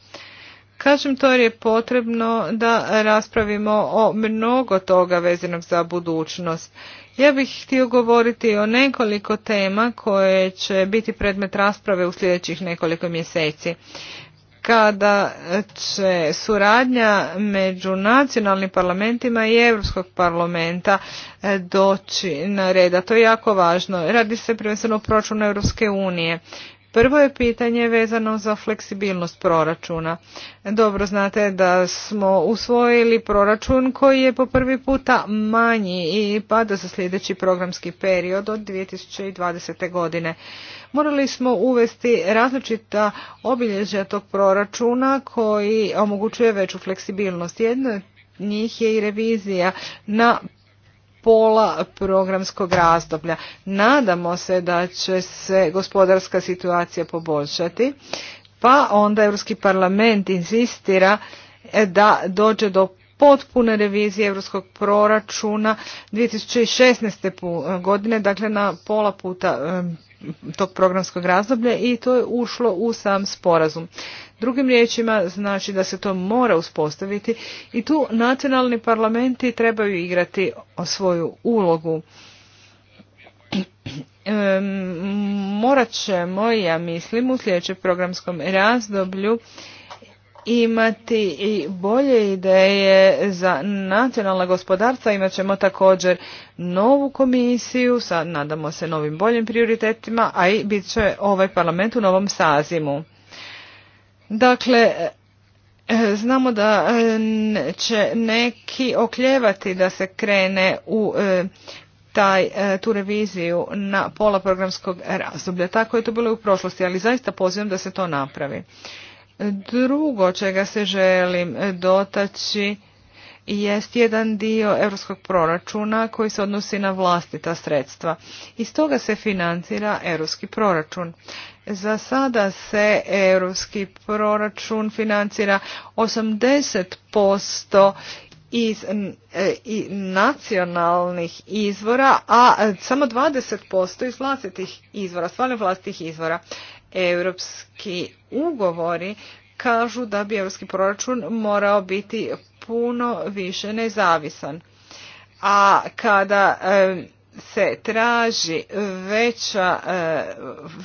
Kažem to jer je potrebno da raspravimo o mnogo toga vezanog za budućnost. Ja bih htio govoriti o nekoliko tema koje će biti predmet rasprave u sljedećih nekoliko mjeseci kada će suradnja među nacionalnim parlamentima i Europskog parlamenta e, doći na reda. To je jako važno. Radi se prvenstveno o proračunu Europske unije. Prvo je pitanje vezano za fleksibilnost proračuna. Dobro znate da smo usvojili proračun koji je po prvi puta manji i pada za sljedeći programski period od 2020. godine morali smo uvesti različita obilježja tog proračuna koji omogućuje veću fleksibilnost. Jedna od njih je i revizija na pola programskog razdoblja. Nadamo se da će se gospodarska situacija poboljšati, pa onda Europski parlament insistira e, da dođe do potpune revizije europskog proračuna 2016. godine, dakle na pola puta tog programskog razdoblja i to je ušlo u sam sporazum. Drugim riječima znači da se to mora uspostaviti i tu nacionalni parlamenti trebaju igrati svoju ulogu. morat ćemo, ja mislim, u sljedećem programskom razdoblju imati i bolje ideje za nacionalna gospodarstva. Imat ćemo također novu komisiju, sa, nadamo se novim boljim prioritetima, a i bit će ovaj parlament u novom sazimu. Dakle, znamo da e, će neki okljevati da se krene u e, taj, e, tu reviziju na pola programskog razdoblja. Tako je to bilo u prošlosti, ali zaista pozivam da se to napravi. Drugo čega se želim dotaći jest jedan dio europskog proračuna koji se odnosi na vlastita sredstva. Iz toga se financira europski proračun. Za sada se europski proračun financira 80% iz e, nacionalnih izvora, a samo 20% iz vlastitih izvora, stvarno vlastitih izvora europski ugovori kažu da bi europski proračun morao biti puno više nezavisan. A kada se traži veća, eh,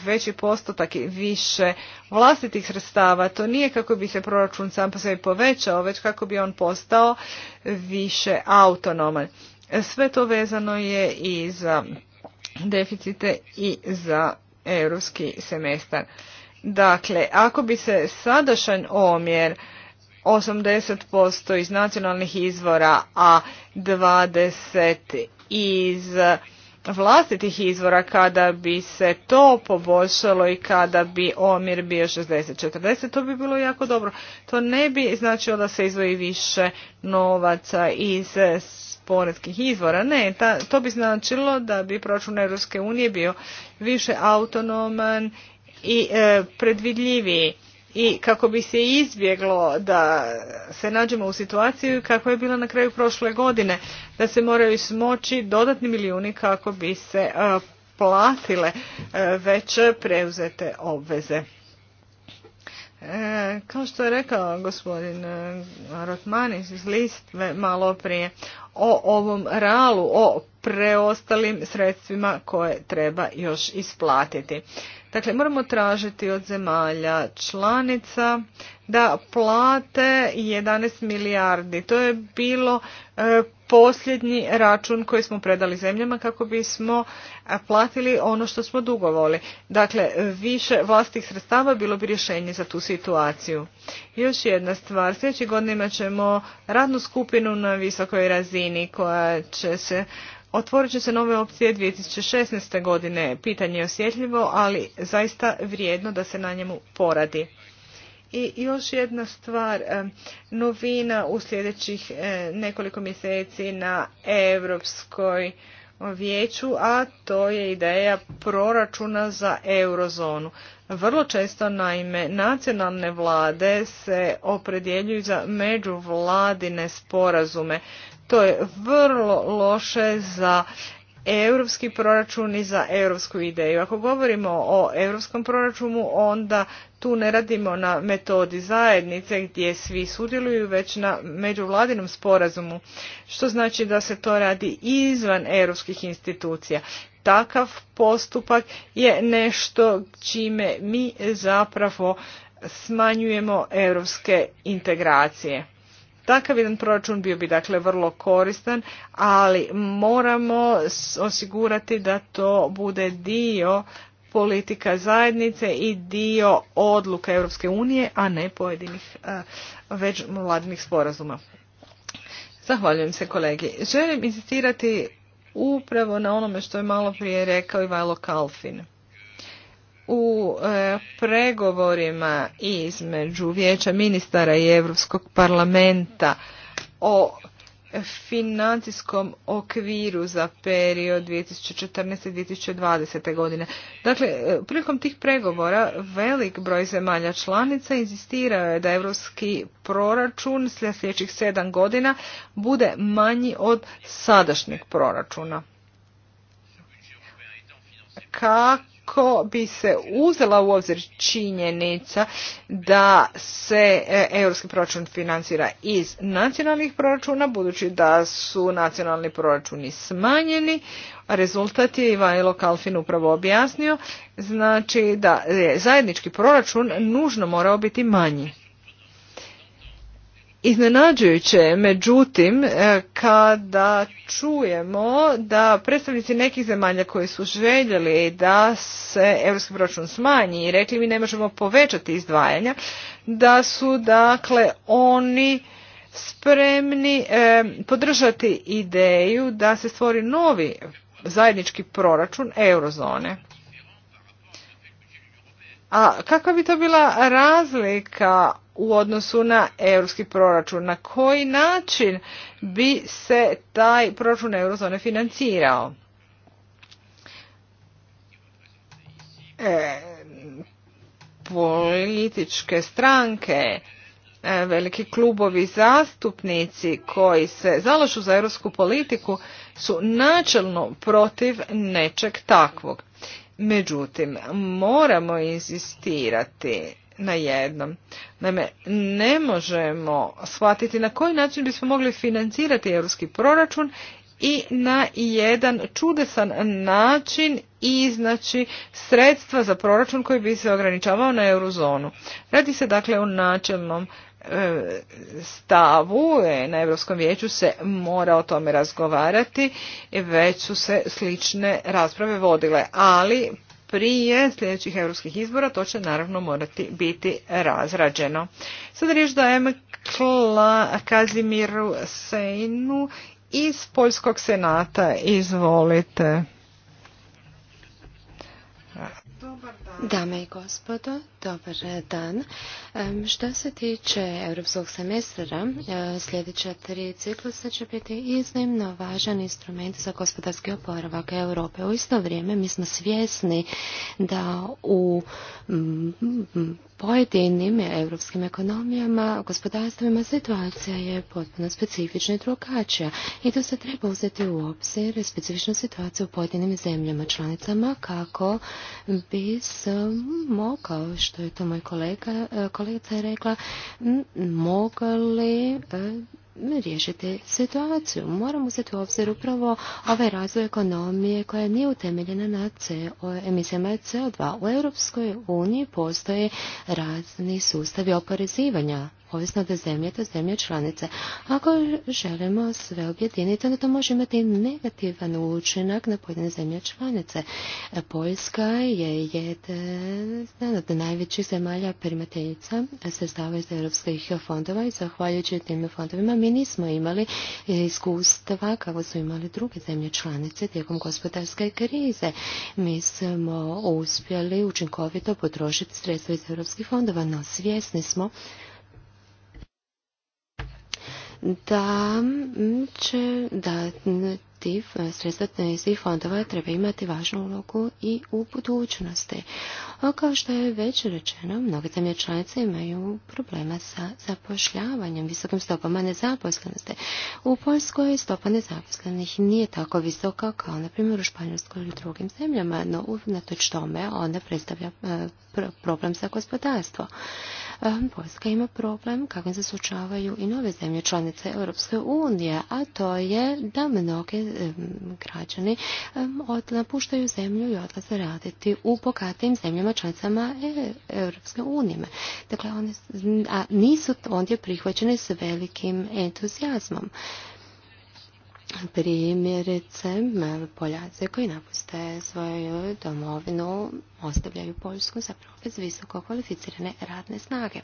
veći postotak i više vlastitih sredstava, to nije kako bi se proračun sam po sebi povećao, već kako bi on postao više autonoman. Sve to vezano je i za deficite i za europski semestar. Dakle, ako bi se sadašan omjer 80% iz nacionalnih izvora, a 20% iz vlastitih izvora kada bi se to poboljšalo i kada bi omjer bio 60-40, to bi bilo jako dobro. To ne bi značilo da se izvoji više novaca iz poreskih izvora. Ne, ta, to bi značilo da bi proračun Europske unije bio više autonoman i e, predvidljiviji i kako bi se izbjeglo da se nađemo u situaciji kako je bila na kraju prošle godine, da se moraju smoći dodatni milijuni kako bi se e, platile e, već preuzete obveze. E, kao što je rekao gospodin e, Rotmanis iz Listve malo prije o ovom ralu, o preostalim sredstvima koje treba još isplatiti. Dakle, moramo tražiti od zemalja članica da plate 11 milijardi. To je bilo e, posljednji račun koji smo predali zemljama kako bismo e, platili ono što smo dugovali. Dakle, više vlastih sredstava bilo bi rješenje za tu situaciju. Još jedna stvar, sljedećih godina ćemo radnu skupinu na visokoj razini koja će se Otvorit će se nove opcije 2016. godine. Pitanje je osjetljivo, ali zaista vrijedno da se na njemu poradi. I još jedna stvar, novina u sljedećih nekoliko mjeseci na Europskoj vijeću, a to je ideja proračuna za eurozonu. Vrlo često, naime, nacionalne vlade se opredjeljuju za međuvladine sporazume to je vrlo loše za europski proračun i za europsku ideju. Ako govorimo o europskom proračunu, onda tu ne radimo na metodi zajednice gdje svi sudjeluju, već na međuvladinom sporazumu, što znači da se to radi izvan europskih institucija. Takav postupak je nešto čime mi zapravo smanjujemo europske integracije. Takav jedan proračun bio bi dakle vrlo koristan, ali moramo osigurati da to bude dio politika zajednice i dio odluka Europske unije, a ne pojedinih eh, već vladinih sporazuma. Zahvaljujem se kolegi. Želim insistirati upravo na onome što je malo prije rekao Ivalo Kalfin u e, pregovorima između vijeća ministara i Europskog parlamenta o financijskom okviru za period 2014-2020. godine. Dakle, e, prilikom tih pregovora velik broj zemalja članica inzistirao je da europski proračun sljedećih sedam godina bude manji od sadašnjeg proračuna. Kako ako bi se uzela u obzir činjenica da se e, europski proračun financira iz nacionalnih proračuna, budući da su nacionalni proračuni smanjeni, rezultat je Ivanilo Kalfin upravo objasnio, znači da je zajednički proračun nužno morao biti manji. Iznenađujuće je, međutim, e, kada čujemo da predstavnici nekih zemalja koji su željeli da se europski proračun smanji i rekli mi ne možemo povećati izdvajanja, da su dakle oni spremni e, podržati ideju da se stvori novi zajednički proračun eurozone. A kakva bi to bila razlika u odnosu na europski proračun. Na koji način bi se taj proračun eurozone financirao? E, političke stranke, e, veliki klubovi zastupnici koji se zalažu za europsku politiku su načelno protiv nečeg takvog. Međutim, moramo insistirati na jednom. Naime, ne možemo shvatiti na koji način bismo mogli financirati europski proračun i na jedan čudesan način iznaći sredstva za proračun koji bi se ograničavao na eurozonu. Radi se dakle o načelnom e, stavu e, na Europskom vijeću se mora o tome razgovarati, već su se slične rasprave vodile, ali prije sljedećih europskih izbora, to će naravno morati biti razrađeno. Sada riječ dajem Kazimiru Sejnu iz Poljskog senata. Izvolite. Dobar Dame i gospodo, dobar dan. Što se tiče europskog semestra, sljedeća tri ciklusa će biti iznimno važan instrument za gospodarski oporavak Europe. U isto vrijeme mi smo svjesni da u pojedinim europskim ekonomijama, gospodarstvima situacija je potpuno specifična i drugačija i to se treba uzeti u obzir specifičnu situaciju u pojedinim zemljama članicama kako bi mogao, kao što je to moj kolega, e, kolegica je rekla, mogli e, riješiti situaciju. Moramo uzeti u obzir upravo ovaj razvoj ekonomije koja nije utemeljena na CO, emisijama CO2. U Europskoj uniji postoje razni sustavi oporezivanja ovisno da zemlje, to zemlje članice. Ako želimo sve objediniti, onda to može imati negativan učinak na pojedine zemlje članice. Poljska je jedna od najvećih zemalja primateljica sredstava iz europskih fondova i zahvaljujući tim fondovima mi nismo imali iskustva kako su imali druge zemlje članice tijekom gospodarske krize. Mi smo uspjeli učinkovito potrošiti sredstva iz europskih fondova, no svjesni smo da će da aktiv, e, sredstva iz tih fondova treba imati važnu ulogu i u budućnosti. kao što je već rečeno, mnoge zemlje članice imaju problema sa zapošljavanjem, visokim stopama nezaposlenosti. U Poljskoj stopa nezaposlenih nije tako visoka kao, na primjer, u Španjolskoj ili drugim zemljama, no unatoč tome ona predstavlja e, problem za gospodarstvo. E, Poljska ima problem kako se suočavaju i nove zemlje članice Europske unije, a to je da mnoge građani napuštaju zemlju i odlaze raditi u bogatim zemljama članicama e, Europske unije. Dakle, one, a nisu ondje prihvaćene s velikim entuzijazmom. Primjerice, poljace koji napuste svoju domovinu ostavljaju Poljsku zapravo bez visoko kvalificirane radne snage.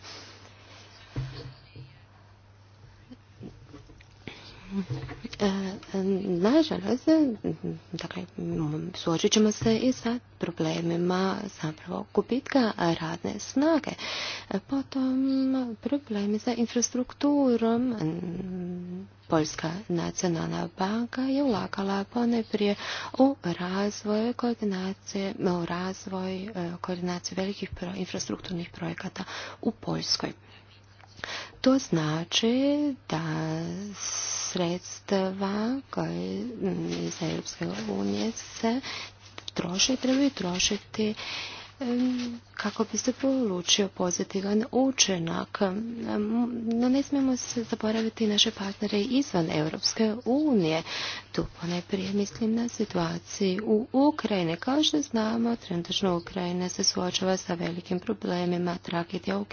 E, nažalost, dakle, suočit ćemo se i sa problemima zapravo kupitka radne snage. Potom problemi sa infrastrukturom. Poljska nacionalna banka je ulagala poneprije u razvoj koordinacije, u razvoj e, koordinacije velikih infrastrukturnih projekata u Poljskoj. To znači da sredstva koje mm, iz Europske unije se troše, trebaju trošiti kako bi se polučio pozitivan učinak. No ne smijemo se zaboraviti naše partnere izvan Europske unije. Tu ponajprije mislim na situaciji u Ukrajini. Kao što znamo, trenutno Ukrajina se suočava sa velikim problemima, tragedija u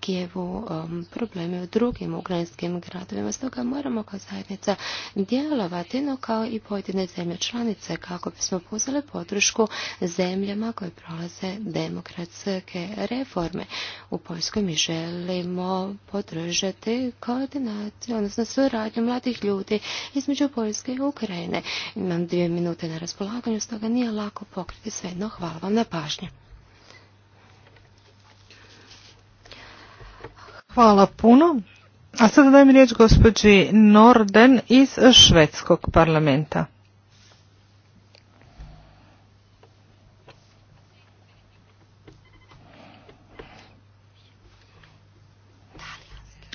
Kijevu, problemi u drugim ukrajinskim gradovima. Stoga moramo kao zajednica djelovati, no kao i pojedine zemlje članice, kako bismo pozvali podršku zemljama koje prolaze se demokratske reforme. U Poljskoj mi želimo podržati koordinaciju, odnosno suradnju mladih ljudi između Poljske i Ukrajine. Imam dvije minute na raspolaganju, stoga nije lako pokriti sve, jedno. hvala vam na pažnje. Hvala puno. A sada dajem riječ gospođi Norden iz Švedskog parlamenta.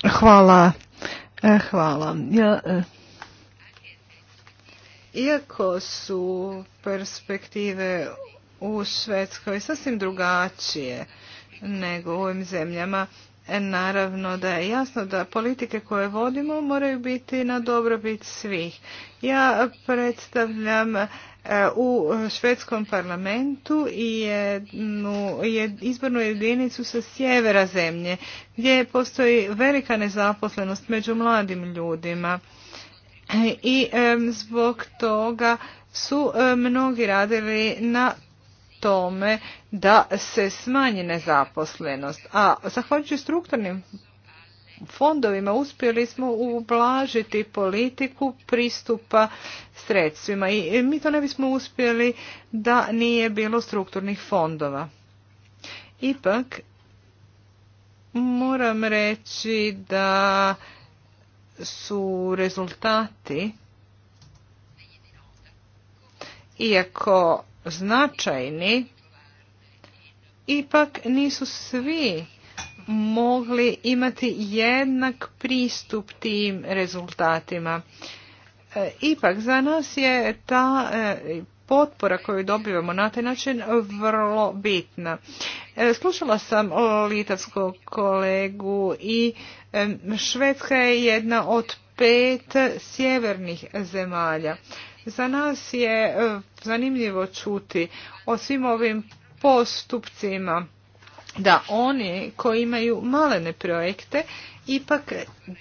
Hvala. E, hvala. Ja, e, iako su perspektive u Švedskoj sasvim drugačije nego u ovim zemljama, naravno da je jasno da politike koje vodimo moraju biti na dobrobit svih. Ja predstavljam e, u švedskom parlamentu i izbornu jedinicu sa sjevera zemlje gdje postoji velika nezaposlenost među mladim ljudima i e, zbog toga su e, mnogi radili na tome da se smanji nezaposlenost. A zahvaljujući strukturnim fondovima uspjeli smo ublažiti politiku pristupa sredstvima i mi to ne bismo uspjeli da nije bilo strukturnih fondova. Ipak moram reći da su rezultati iako značajni, ipak nisu svi mogli imati jednak pristup tim rezultatima. E, ipak za nas je ta e, potpora koju dobivamo na taj način vrlo bitna. E, slušala sam litavskog kolegu i Švedska je jedna od pet sjevernih zemalja. Za nas je e, zanimljivo čuti o svim ovim postupcima da oni koji imaju malene projekte ipak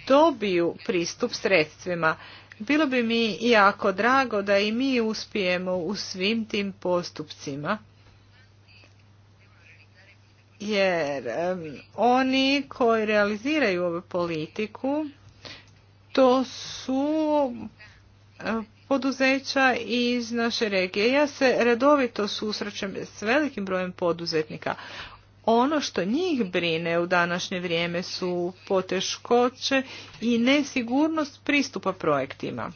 dobiju pristup sredstvima. Bilo bi mi jako drago da i mi uspijemo u svim tim postupcima. Jer oni koji realiziraju ovu politiku to su e, poduzeća iz naše regije. Ja se redovito susrećem s velikim brojem poduzetnika. Ono što njih brine u današnje vrijeme su poteškoće i nesigurnost pristupa projektima.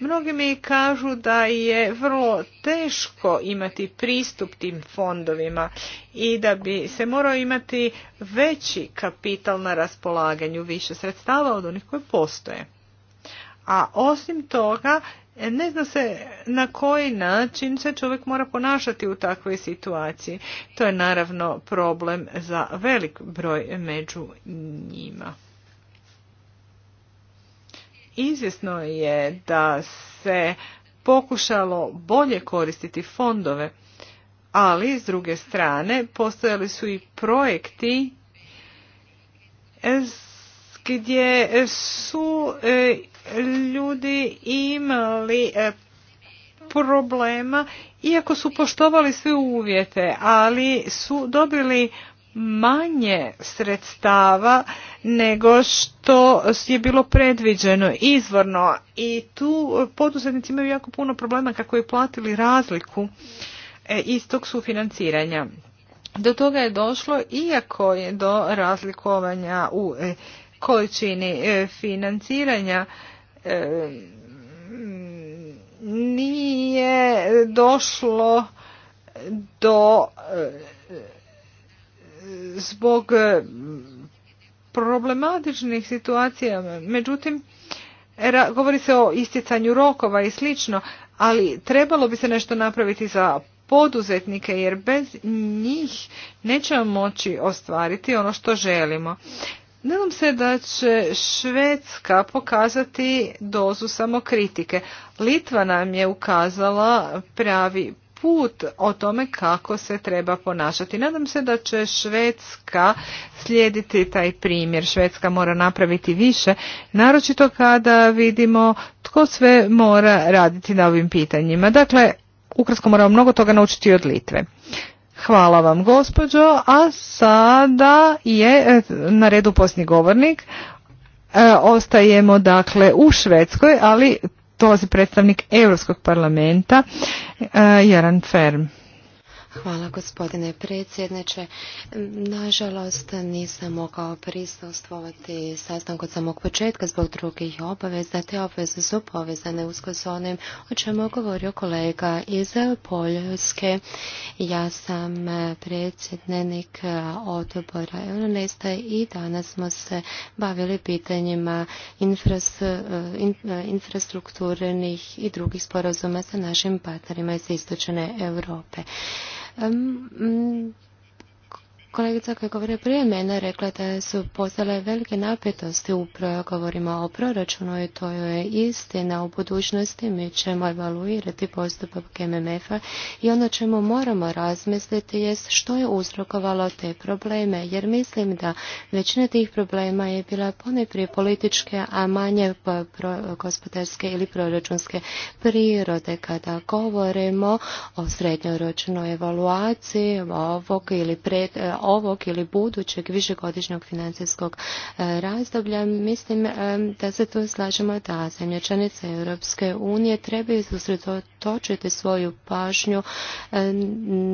Mnogi mi kažu da je vrlo teško imati pristup tim fondovima i da bi se morao imati veći kapital na raspolaganju, više sredstava od onih koje postoje. A osim toga, ne zna se na koji način se čovjek mora ponašati u takvoj situaciji. To je naravno problem za velik broj među njima. Izvjesno je da se pokušalo bolje koristiti fondove, ali s druge strane postojali su i projekti gdje su e, ljudi imali e, problema, iako su poštovali sve uvjete, ali su dobili manje sredstava nego što je bilo predviđeno izvorno i tu poduzetnici imaju jako puno problema kako je platili razliku e, iz tog sufinanciranja. Do toga je došlo iako je do razlikovanja u e, količini e, financiranja nije došlo do zbog e, problematičnih situacija. Međutim, govori se o isticanju rokova i slično, ali trebalo bi se nešto napraviti za poduzetnike jer bez njih nećemo moći ostvariti ono što želimo. Nadam se da će Švedska pokazati dozu samokritike. Litva nam je ukazala pravi put o tome kako se treba ponašati. Nadam se da će Švedska slijediti taj primjer. Švedska mora napraviti više, naročito kada vidimo tko sve mora raditi na ovim pitanjima. Dakle, ukrasko moramo mnogo toga naučiti od Litve. Hvala vam gospođo, a sada je e, na redu posni govornik. E, ostajemo dakle u Švedskoj, ali dolazi predstavnik Europskog parlamenta, eh, Jaran Ferm. Hvala gospodine predsjedniče. Nažalost nisam mogao prisustvovati sastanku od samog početka zbog drugih obaveza. Te obveze su povezane usko s onim o čemu govorio kolega iz Poljske. Ja sam predsjednik odbora Euronesta i danas smo se bavili pitanjima infrastrukturnih i drugih sporazuma sa našim partnerima iz Istočne Europe. Ähm, Kolegica koja govore prije mene rekla da su postale velike napetosti u govorima o proračunu i to je istina. U budućnosti mi ćemo evaluirati postupak MMF-a i ono čemu moramo razmisliti jest što je uzrokovalo te probleme, jer mislim da većina tih problema je bila poneprije političke, a manje gospodarske ili proračunske prirode. Kada govorimo o srednjoročnoj evaluaciji ovog ili pred, ovog ili budućeg višegodišnjeg financijskog e, razdoblja, mislim e, da se tu slažemo da zemlje članice Europske unije trebaju usredotočiti svoju pažnju e,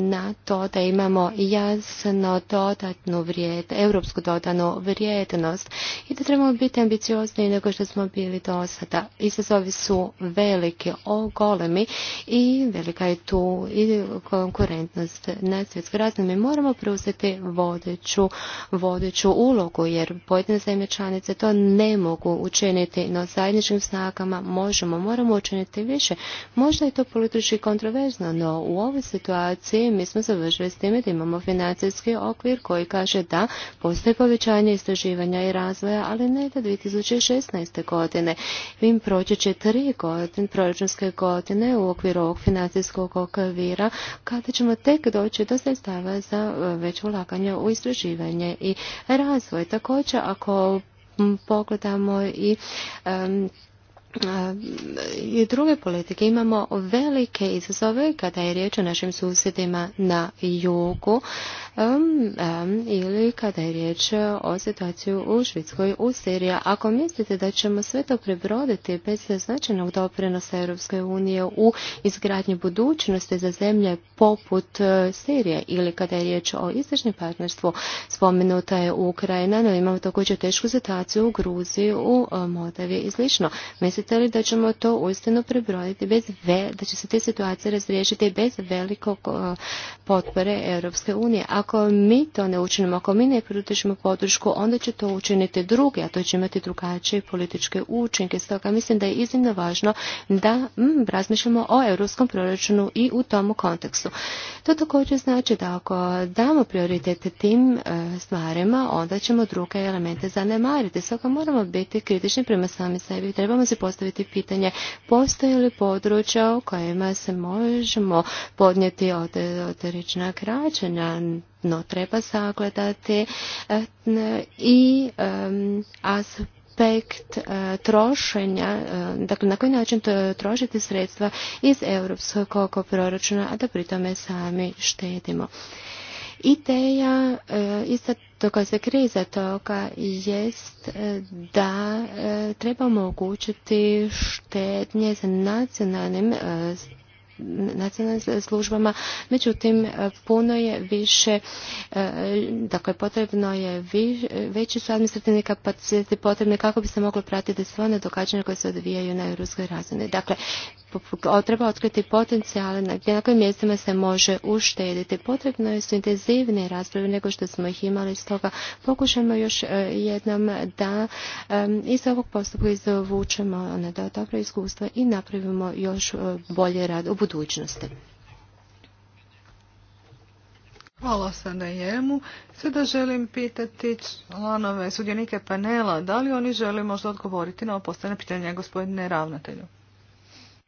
na to da imamo jasno dodatnu vrijednost, europsku dodanu vrijednost i da trebamo biti ambiciozniji nego što smo bili do sada. Izazovi su veliki, ogolemi i velika je tu i konkurentnost na svjetskoj razini. Mi moramo preuzeti vodeću, vodeću ulogu jer pojedine zemlje članice to ne mogu učiniti, no zajedničkim snagama možemo, moramo učiniti više. Možda je to to politički kontroverzno, no u ovoj situaciji mi smo završili s time da imamo financijski okvir koji kaže da postoje povećanje istraživanja i razvoja, ali ne da 2016. godine. Im proći će tri godine, proračunske godine u okviru ovog financijskog okvira, kada ćemo tek doći do sredstava za e, već ulaganje u istraživanje i razvoj. Također, ako pogledamo i E, i druge politike. Imamo velike izazove kada je riječ o našim susjedima na jugu ili kada je riječ o situaciju u Švitskoj u Siriji. Ako mislite da ćemo sve to prebroditi bez značajnog doprinosa Europske unije u izgradnji budućnosti za zemlje poput e, Sirije ili kada je riječ o istočnom partnerstvu, spomenuta je Ukrajina, no imamo također tešku situaciju u Gruziji, u e, Moldavi i slično. Mislite li da ćemo to uistinu prebroditi bez ve, da će se te situacije razriješiti bez velikog e, potpore Europske unije? Ako mi to ne učinimo, ako mi ne pritičemo podršku, onda će to učiniti drugi, a to će imati drugačije političke učinke. Stoga mislim da je iznimno važno da mm, razmišljamo o europskom proračunu i u tom kontekstu. To također znači da ako damo prioritete tim e, stvarima, onda ćemo druge elemente zanemariti. Stoga moramo biti kritični prema sami sebi. Trebamo se postaviti pitanje postoje li područja u kojima se možemo podnijeti od, od kraćenja no treba sagledati e, i aspekt e, trošenja, e, dakle na koji način trošiti sredstva iz europskog proračuna, a da pritome sami štedimo. Ideja isto koja se kriza toga jest da treba omogućiti štednje za nacionalnim nacionalnim službama, međutim puno je više, e, dakle potrebno je veći su administrativni kapaciteti potrebni kako bi se moglo pratiti sve one događanja koje se odvijaju na europskoj razini. Dakle, treba otkriti potencijale na gdje mjestima se može uštediti. Potrebno je su intenzivnije rasprave nego što smo ih imali, stoga pokušamo još e, jednom da iz ovog postupka izvučemo ona da iskustva i napravimo još e, bolje rad u budućnosti. Hvala sada Jemu. Sada želim pitati članove sudionike panela da li oni žele možda odgovoriti na ovo pitanja pitanje gospodine ravnatelju.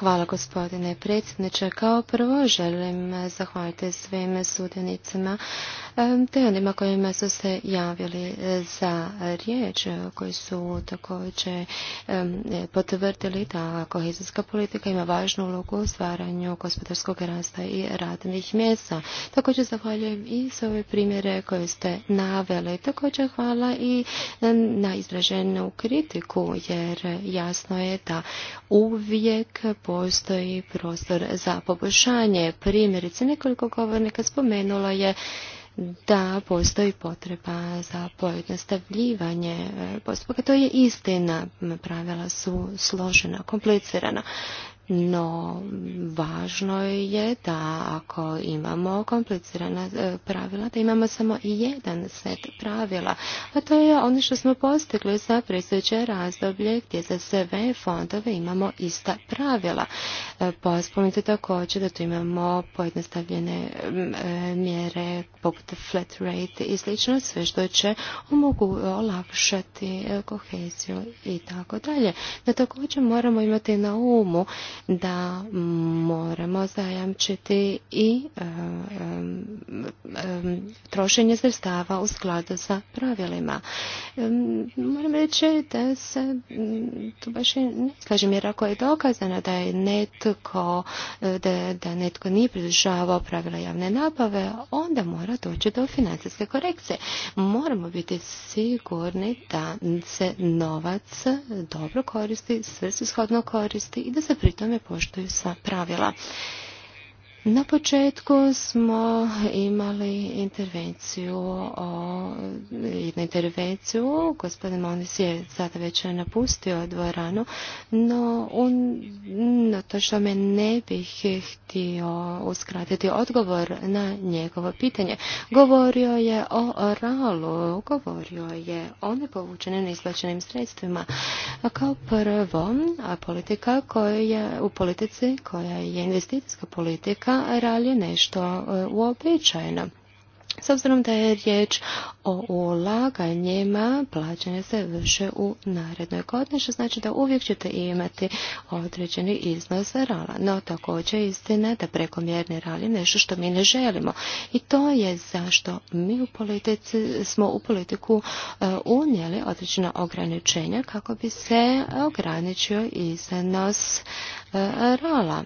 Hvala gospodine predsjedniče. Kao prvo želim zahvaliti svim sudjenicima te onima kojima su se javili za riječ, koji su također potvrdili da kohezijska politika ima važnu ulogu u stvaranju gospodarskog rasta i radnih mjesta. Također zahvaljujem i s ove primjere koje ste naveli. Također hvala i na izraženu kritiku jer jasno je da uvijek postoji prostor za poboljšanje. Primjerice, nekoliko govornika spomenula je da postoji potreba za pojednostavljivanje postupaka. To je istina, pravila su složena, komplicirana no važno je da ako imamo komplicirana e, pravila, da imamo samo jedan set pravila. A to je ono što smo postigli za predstojeće razdoblje gdje za sve fondove imamo ista pravila. E, Pospomnite također da tu imamo pojednostavljene e, mjere poput flat rate i slično, sve što će omogu olakšati koheziju i tako dalje. Da također moramo imati na umu da moramo zajamčiti i trošenje sredstava u skladu sa pravilima. Moram reći da se tu baš i ne slažem, jer ako je dokazano da je netko, da, netko nije pridržavao pravila javne nabave, onda mora doći do financijske korekcije. Moramo biti sigurni da se novac dobro koristi, svrsishodno koristi i da se pritom tome poštuju sva pravila. Na početku smo imali intervenciju o, jednu intervenciju, gospodin Monis je sada već napustio dvoranu, no on, to što me ne bih htio uskratiti odgovor na njegovo pitanje. Govorio je o ralu, govorio je o nepovučenim isplaćenim sredstvima. A kao prvo, a politika koja je u politici, koja je investicijska politika, radi nešto e, uobičajeno. S obzirom da je riječ o ulaganjima, plaćanje se vrše u narednoj godini, što znači da uvijek ćete imati određeni iznos rala. No, također istina da prekomjerni rali nešto što mi ne želimo. I to je zašto mi u politici, smo u politiku e, unijeli određena ograničenja kako bi se ograničio iznos e, rala.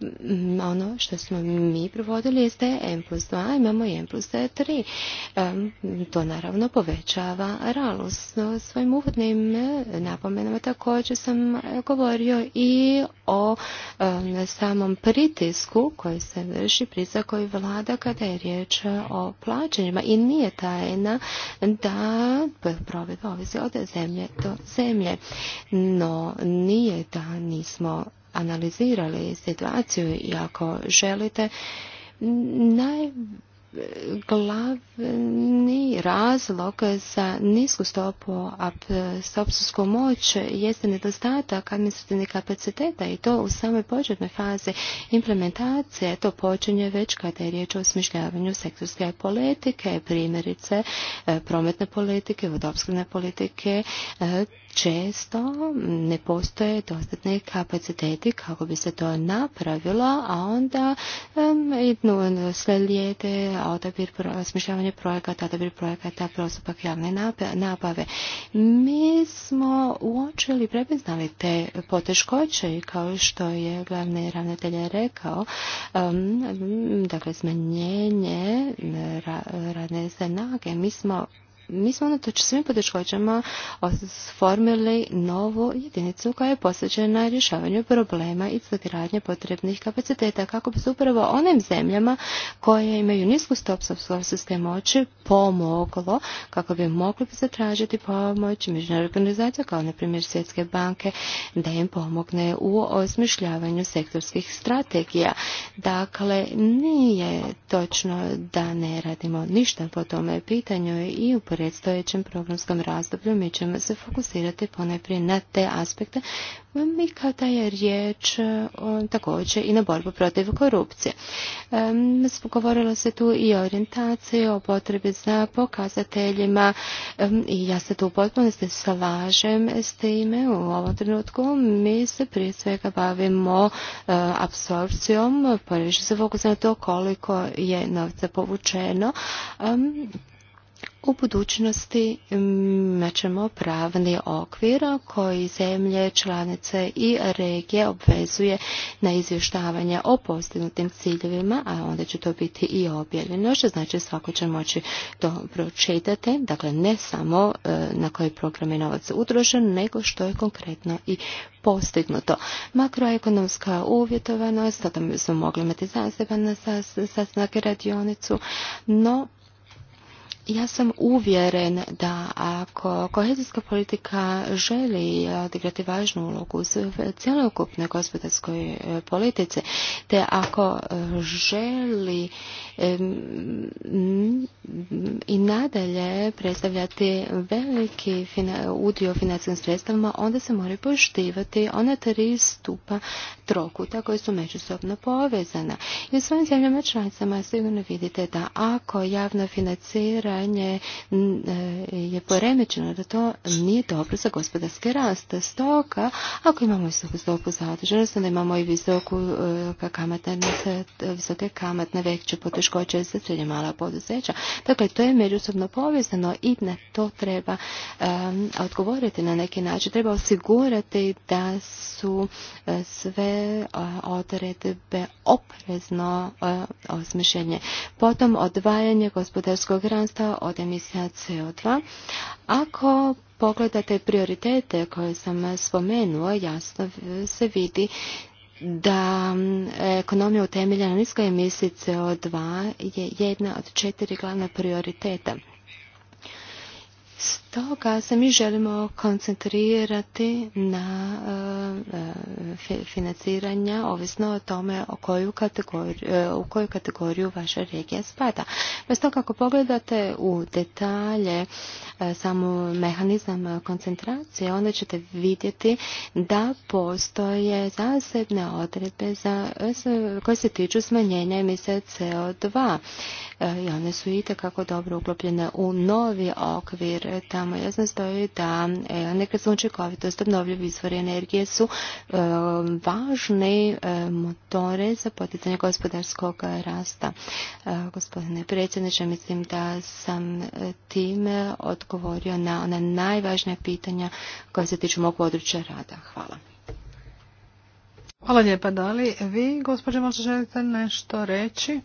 Mm, ono što smo mi provodili jeste M plus 2, imamo M plus 3. to naravno povećava RALUS. svojim uvodnim napomenama također sam govorio i o samom pritisku koji se vrši, pritisak koji vlada kada je riječ o plaćanjima i nije tajna da provedba ovisi od zemlje do zemlje. No, nije da nismo analizirali situaciju i ako želite, najglavni razlog za nisku stopu apsopsusku moć jeste nedostatak administrativnih kapaciteta i to u samoj početnoj fazi implementacije. To počinje već kada je riječ o osmišljavanju sektorske politike, primjerice e, prometne politike, vodoopskrbne politike, e, često ne postoje dostatne kapaciteti kako bi se to napravilo, a onda sve slijede odabir, smišljavanje projekata, odabir projekata, prosupak javne nabave. Mi smo uočili, prepoznali te poteškoće i kao što je glavni ravnatelj rekao, dakle smanjenje radne snage. Mi smo mi smo unatoč svim poteškoćama formili novu jedinicu koja je posvećena rješavanju problema i zagradnje potrebnih kapaciteta kako bi se upravo onim zemljama koje imaju nisku stopu moći pomoglo kako bi mogli zatražiti pomoć međunarodne organizacija kao na primjer Svjetske banke da im pomogne u osmišljavanju sektorskih strategija. Dakle, nije točno da ne radimo ništa po tome pitanju i u predstojećem programskom razdoblju mi ćemo se fokusirati ponajprije na te aspekte i kada je riječ e, također i na borbu protiv korupcije. Govorilo se tu i o orijentaciji, o potrebi za pokazateljima i ja se tu u potpunosti slažem s time u ovom trenutku. Mi se prije svega bavimo e, apsorpcijom, poreviše pa se fokusiramo na to koliko je novca povučeno u budućnosti mm, imat ćemo pravni okvir koji zemlje, članice i regije obvezuje na izvještavanje o postignutim ciljevima, a onda će to biti i objavljeno, što znači svako će moći to pročitati, dakle ne samo e, na koji program je novac utrošen, nego što je konkretno i postignuto. Makroekonomska uvjetovanost, tome smo mogli imati zaseban sastanak i radionicu, no ja sam uvjeren da ako kohezijska politika želi odigrati važnu ulogu u cjelokupnoj gospodarskoj e, politici, te ako e, želi i nadalje predstavljati veliki udio financijskim sredstvima, onda se moraju poštivati ona tri stupa trokuta koje su međusobno povezana. I u svojim zemljama članicama sigurno vidite da ako javno financiranje e, je poremećeno, da to nije dobro za gospodarski rast. stoka. ako imamo visoku stopu zaduženosti, onda imamo i visoku e, kamatne, visoke kamatne veće potrošnje poteškoće se srednje mala poduzeća. Dakle, to je međusobno povezano i na to treba odgovoriti na neki način. Treba osigurati da su e, sve uh, odredbe oprezno uh, e, osmišljenje. Potom odvajanje gospodarskog rasta od emisija CO2. Ako pogledate prioritete koje sam spomenuo, jasno se vidi da mm, ekonomija utemeljena na niskoj emisiji CO2 je jedna od četiri glavna prioriteta toga se mi želimo koncentrirati na e, e, financiranja ovisno o tome e, u koju kategoriju vaša regija spada. Bez toga ako pogledate u detalje samo mehanizam koncentracije, onda ćete vidjeti da postoje zasebne odredbe za, koje se tiču smanjenja emisije CO2 i one su itekako dobro uklopljene u novi okvir ta tamo jasno stoji da e, neka učinkovitost obnovljivi izvori energije su važne važni e, motore za poticanje gospodarskog rasta. E, gospodine predsjedniče, mislim da sam time odgovorio na ona najvažnija pitanja koja se tiču mog područja rada. Hvala. Hvala lijepa. Da li vi, gospođe, možda želite nešto reći?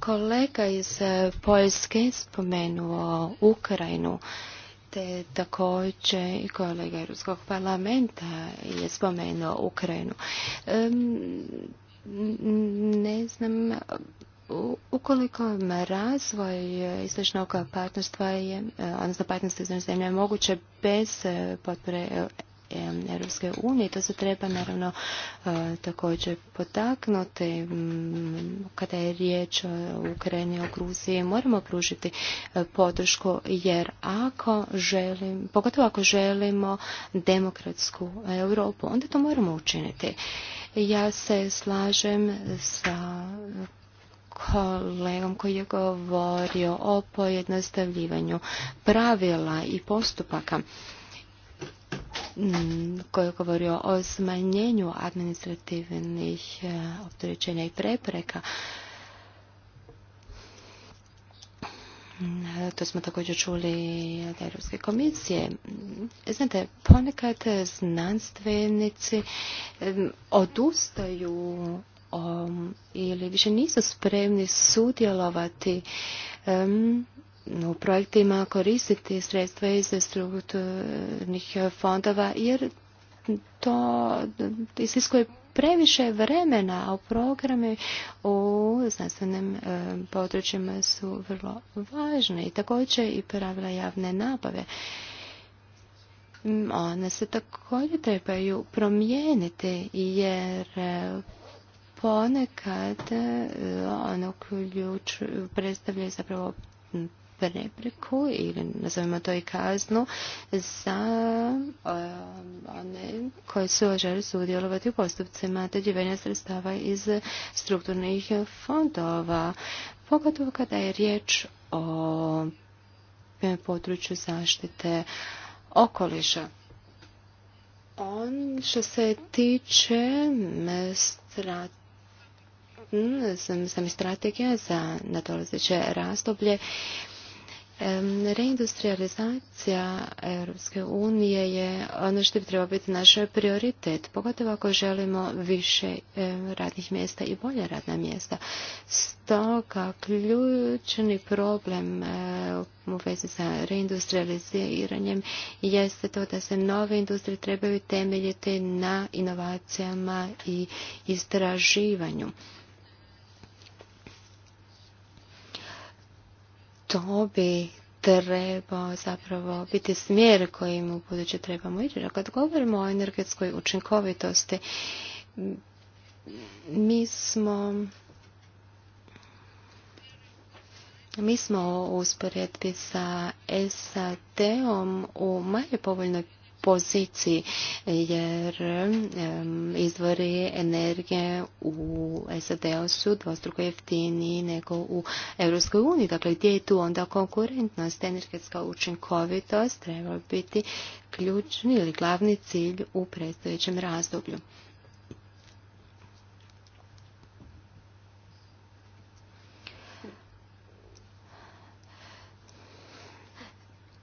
Kolega iz e, Poljske spomenuo Ukrajinu te također i kolega Europskog parlamenta je spomenuo Ukrajinu. Ne znam, ukoliko razvoj istočnog partnerstva je, e, odnosno partnerstva iz zemlje moguće bez e, potpore Europske unije. To se treba naravno e, također potaknuti kada je riječ o Ukrajini, o Gruziji. Moramo pružiti e, podršku jer ako želim, pogotovo ako želimo demokratsku Europu, onda to moramo učiniti. Ja se slažem sa kolegom koji je govorio o pojednostavljivanju pravila i postupaka koji je govorio o smanjenju administrativnih e, opterećenja i prepreka. E, to smo također čuli od Europske komisije. Znate, ponekad znanstvenici e, odustaju ili više nisu spremni sudjelovati u projektima koristiti sredstva iz strukturnih fondova jer to isiskuje previše vremena, a programi programe u znanstvenim e, područjima su vrlo važne i također i pravila javne nabave. Mm, one se također trebaju promijeniti jer e, ponekad e, one uključuju, predstavljaju zapravo prepreku ili nazovimo to i kaznu za eh, one koje su žele sudjelovati u postupcima dodjeljivanja sredstava iz strukturnih fondova, pogotovo kada je riječ o području zaštite okoliša. On što se tiče mm, mm, strategije strategija za nadolazeće razdoblje Reindustrializacija Europske unije je ono što bi trebao biti naš prioritet, pogotovo ako želimo više radnih mjesta i bolje radna mjesta. Stoga ključni problem u vezi sa reindustrializiranjem jeste to da se nove industrije trebaju temeljiti na inovacijama i istraživanju. to bi trebao zapravo biti smjer kojim u buduće trebamo ići. Kad govorimo o energetskoj učinkovitosti, mi smo mi smo u usporedbi sa SAD-om u manje povoljnoj poziciji jer izvori energije u SAD-u su dvostruko jeftiniji nego u EU. Dakle, gdje je tu onda konkurentnost? Energetska učinkovitost treba biti ključni ili glavni cilj u predstojećem razdoblju.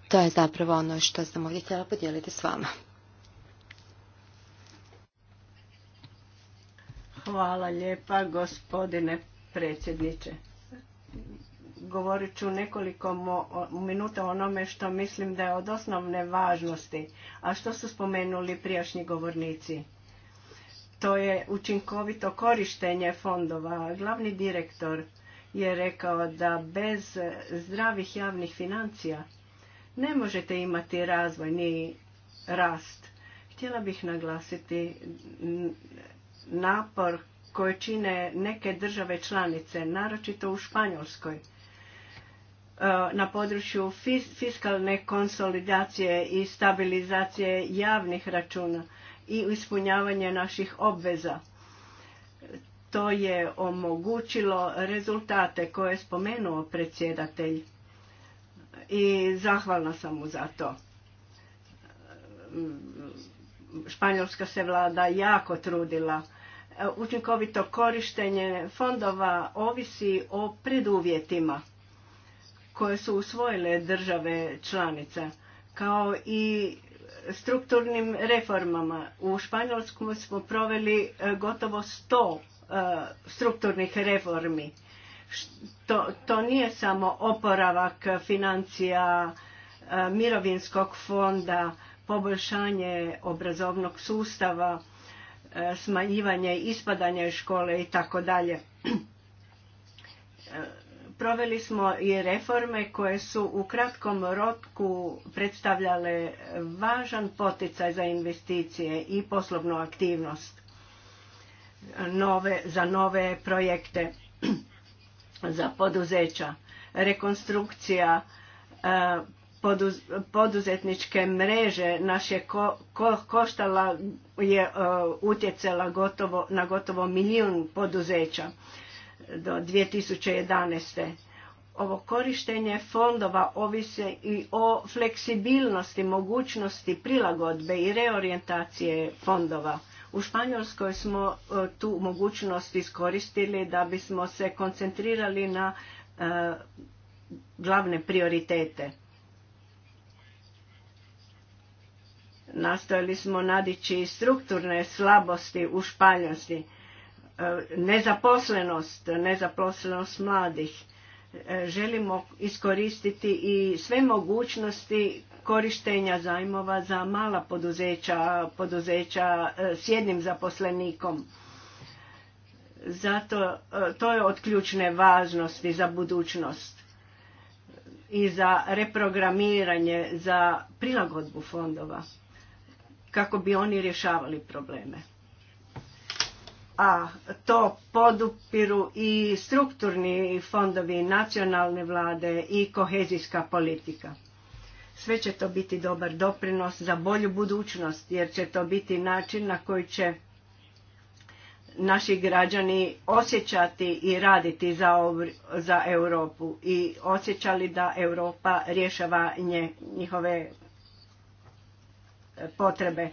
To je zapravo ono što sam ovdje htjela podijeliti s vama. Hvala lijepa gospodine predsjedniče. Govorit ću nekoliko minuta o onome što mislim da je od osnovne važnosti, a što su spomenuli prijašnji govornici. To je učinkovito korištenje fondova. Glavni direktor je rekao da bez zdravih javnih financija ne možete imati razvoj ni rast. Htjela bih naglasiti napor koje čine neke države članice, naročito u Španjolskoj, e, na području fiskalne konsolidacije i stabilizacije javnih računa i ispunjavanje naših obveza. To je omogućilo rezultate koje je spomenuo predsjedatelj i zahvalna sam mu za to. Španjolska se vlada jako trudila. Učinkovito korištenje fondova ovisi o preduvjetima koje su usvojile države članice, kao i strukturnim reformama. U Španjolsku smo proveli e, gotovo sto e, strukturnih reformi to, nije samo oporavak financija e, mirovinskog fonda, poboljšanje obrazovnog sustava, e, smanjivanje ispadanja iz škole i tako dalje. E, proveli smo i reforme koje su u kratkom roku predstavljale važan poticaj za investicije i poslovnu aktivnost za nove projekte. za poduzeća, rekonstrukcija e, poduzetničke mreže naš je koštala je e, utjecala na gotovo milijun poduzeća do 2011. Ovo korištenje fondova ovise i o fleksibilnosti, mogućnosti prilagodbe i reorijentacije fondova. U Španjolskoj smo e, tu mogućnost iskoristili da bismo se koncentrirali na e, glavne prioritete. Nastojali smo nadići strukturne slabosti u Španjolski, e, nezaposlenost, nezaposlenost mladih, želimo iskoristiti i sve mogućnosti korištenja zajmova za mala poduzeća, poduzeća e, s jednim zaposlenikom. Zato e, to je od ključne važnosti za budućnost i za reprogramiranje, za prilagodbu fondova kako bi oni rješavali probleme a to podupiru i strukturni fondovi nacionalne vlade i kohezijska politika. Sve će to biti dobar doprinos za bolju budućnost jer će to biti način na koji će naši građani osjećati i raditi za, za Europu i osjećali da Europa rješava njihove potrebe.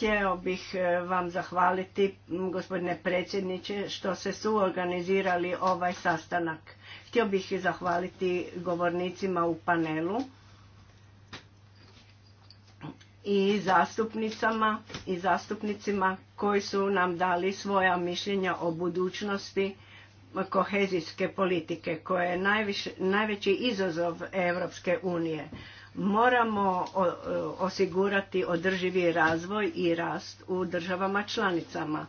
Htio bih e, vam zahvaliti, gospodine predsjedniče, što ste suorganizirali ovaj sastanak. Htio bih zahvaliti govornicima u panelu i zastupnicama i zastupnicima koji su nam dali svoja mišljenja o budućnosti kohezijske politike koja je najveći izazov Europske unije. Moramo osigurati održivi razvoj i rast u državama članicama.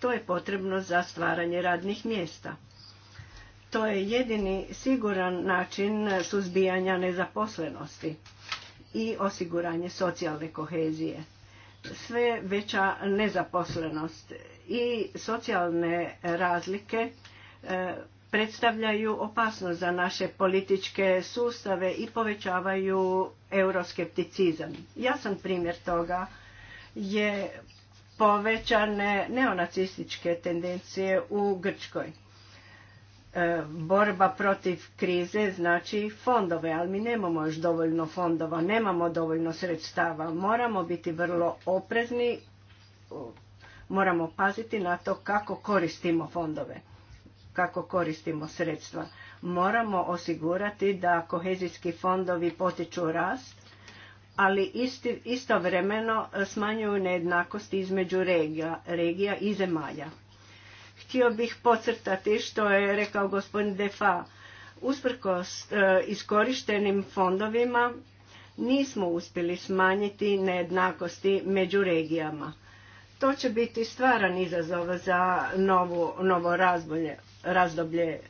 To je potrebno za stvaranje radnih mjesta. To je jedini siguran način suzbijanja nezaposlenosti i osiguranje socijalne kohezije. Sve veća nezaposlenost i socijalne razlike e, predstavljaju opasnost za naše političke sustave i povećavaju euroskepticizam. Jasan primjer toga je povećane neonacističke tendencije u Grčkoj. E, borba protiv krize znači fondove, ali mi nemamo još dovoljno fondova, nemamo dovoljno sredstava. Moramo biti vrlo oprezni, moramo paziti na to kako koristimo fondove kako koristimo sredstva. Moramo osigurati da kohezijski fondovi potiču rast, ali isti, istovremeno smanjuju nejednakosti između regija, regija i zemalja. Htio bih podcrtati što je rekao gospodin Defa. Usprkos e, iskorištenim fondovima nismo uspjeli smanjiti nejednakosti među regijama. To će biti stvaran izazov za novo, novo razbolje razdoblje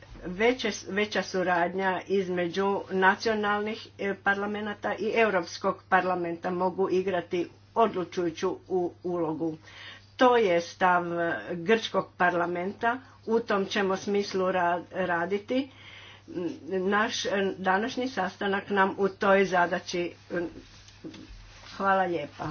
veća suradnja između nacionalnih e, parlamenta i Europskog parlamenta mogu igrati odlučujuću ulogu. To je stav e, Grčkog parlamenta, u tom ćemo smislu raditi. Naš e, današnji sastanak nam u toj zadaći hvala lijepa.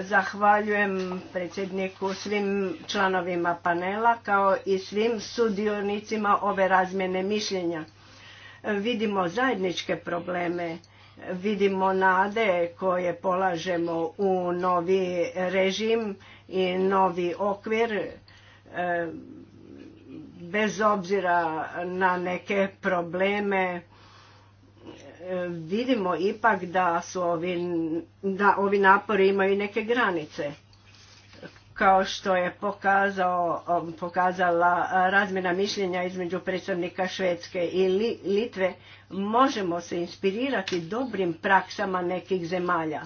Zahvaljujem predsjedniku, svim članovima panela kao i svim sudionicima ove razmjene mišljenja. Vidimo zajedničke probleme, vidimo nade koje polažemo u novi režim i novi okvir e, bez obzira na neke probleme vidimo ipak da su ovi, da ovi napori imaju neke granice. Kao što je pokazao, um, pokazala razmjena mišljenja između predstavnika Švedske i Litve, možemo se inspirirati dobrim praksama nekih zemalja.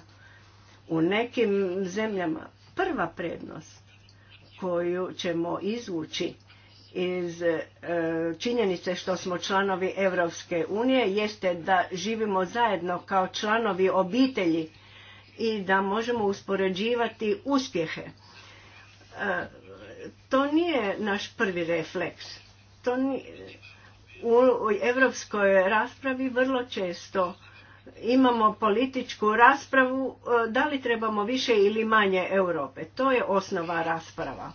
U nekim zemljama prva prednost koju ćemo izvući iz e, činjenice što smo članovi Europske unije jeste da živimo zajedno kao članovi obitelji i da možemo uspoređivati uspjehe. E, to nije naš prvi refleks. To u europskoj raspravi vrlo često imamo političku raspravu e, da li trebamo više ili manje Europe. To je osnova rasprava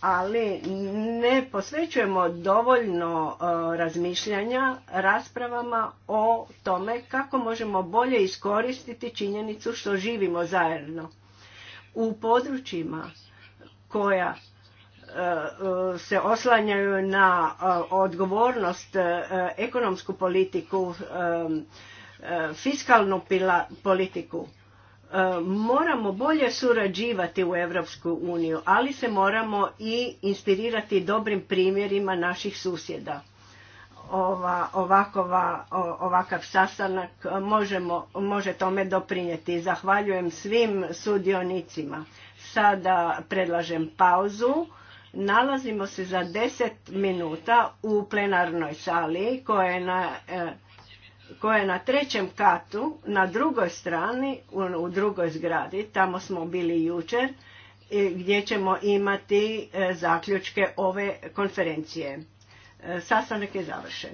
ali ne posvećujemo dovoljno e, razmišljanja raspravama o tome kako možemo bolje iskoristiti činjenicu što živimo zajedno u područjima koja e, se oslanjaju na e, odgovornost ekonomsku politiku fiskalnu politiku E, moramo bolje surađivati u Evropsku uniju, ali se moramo i inspirirati dobrim primjerima naših susjeda. Ova, ovakova, ovakav sastanak možemo, može tome doprinijeti. Zahvaljujem svim sudionicima. Sada predlažem pauzu. Nalazimo se za 10 minuta u plenarnoj sali koja je na... E, koja je na trećem katu, na drugoj strani, u drugoj zgradi, tamo smo bili jučer, e, gdje ćemo imati e, zaključke ove konferencije. E, sastanak je završen.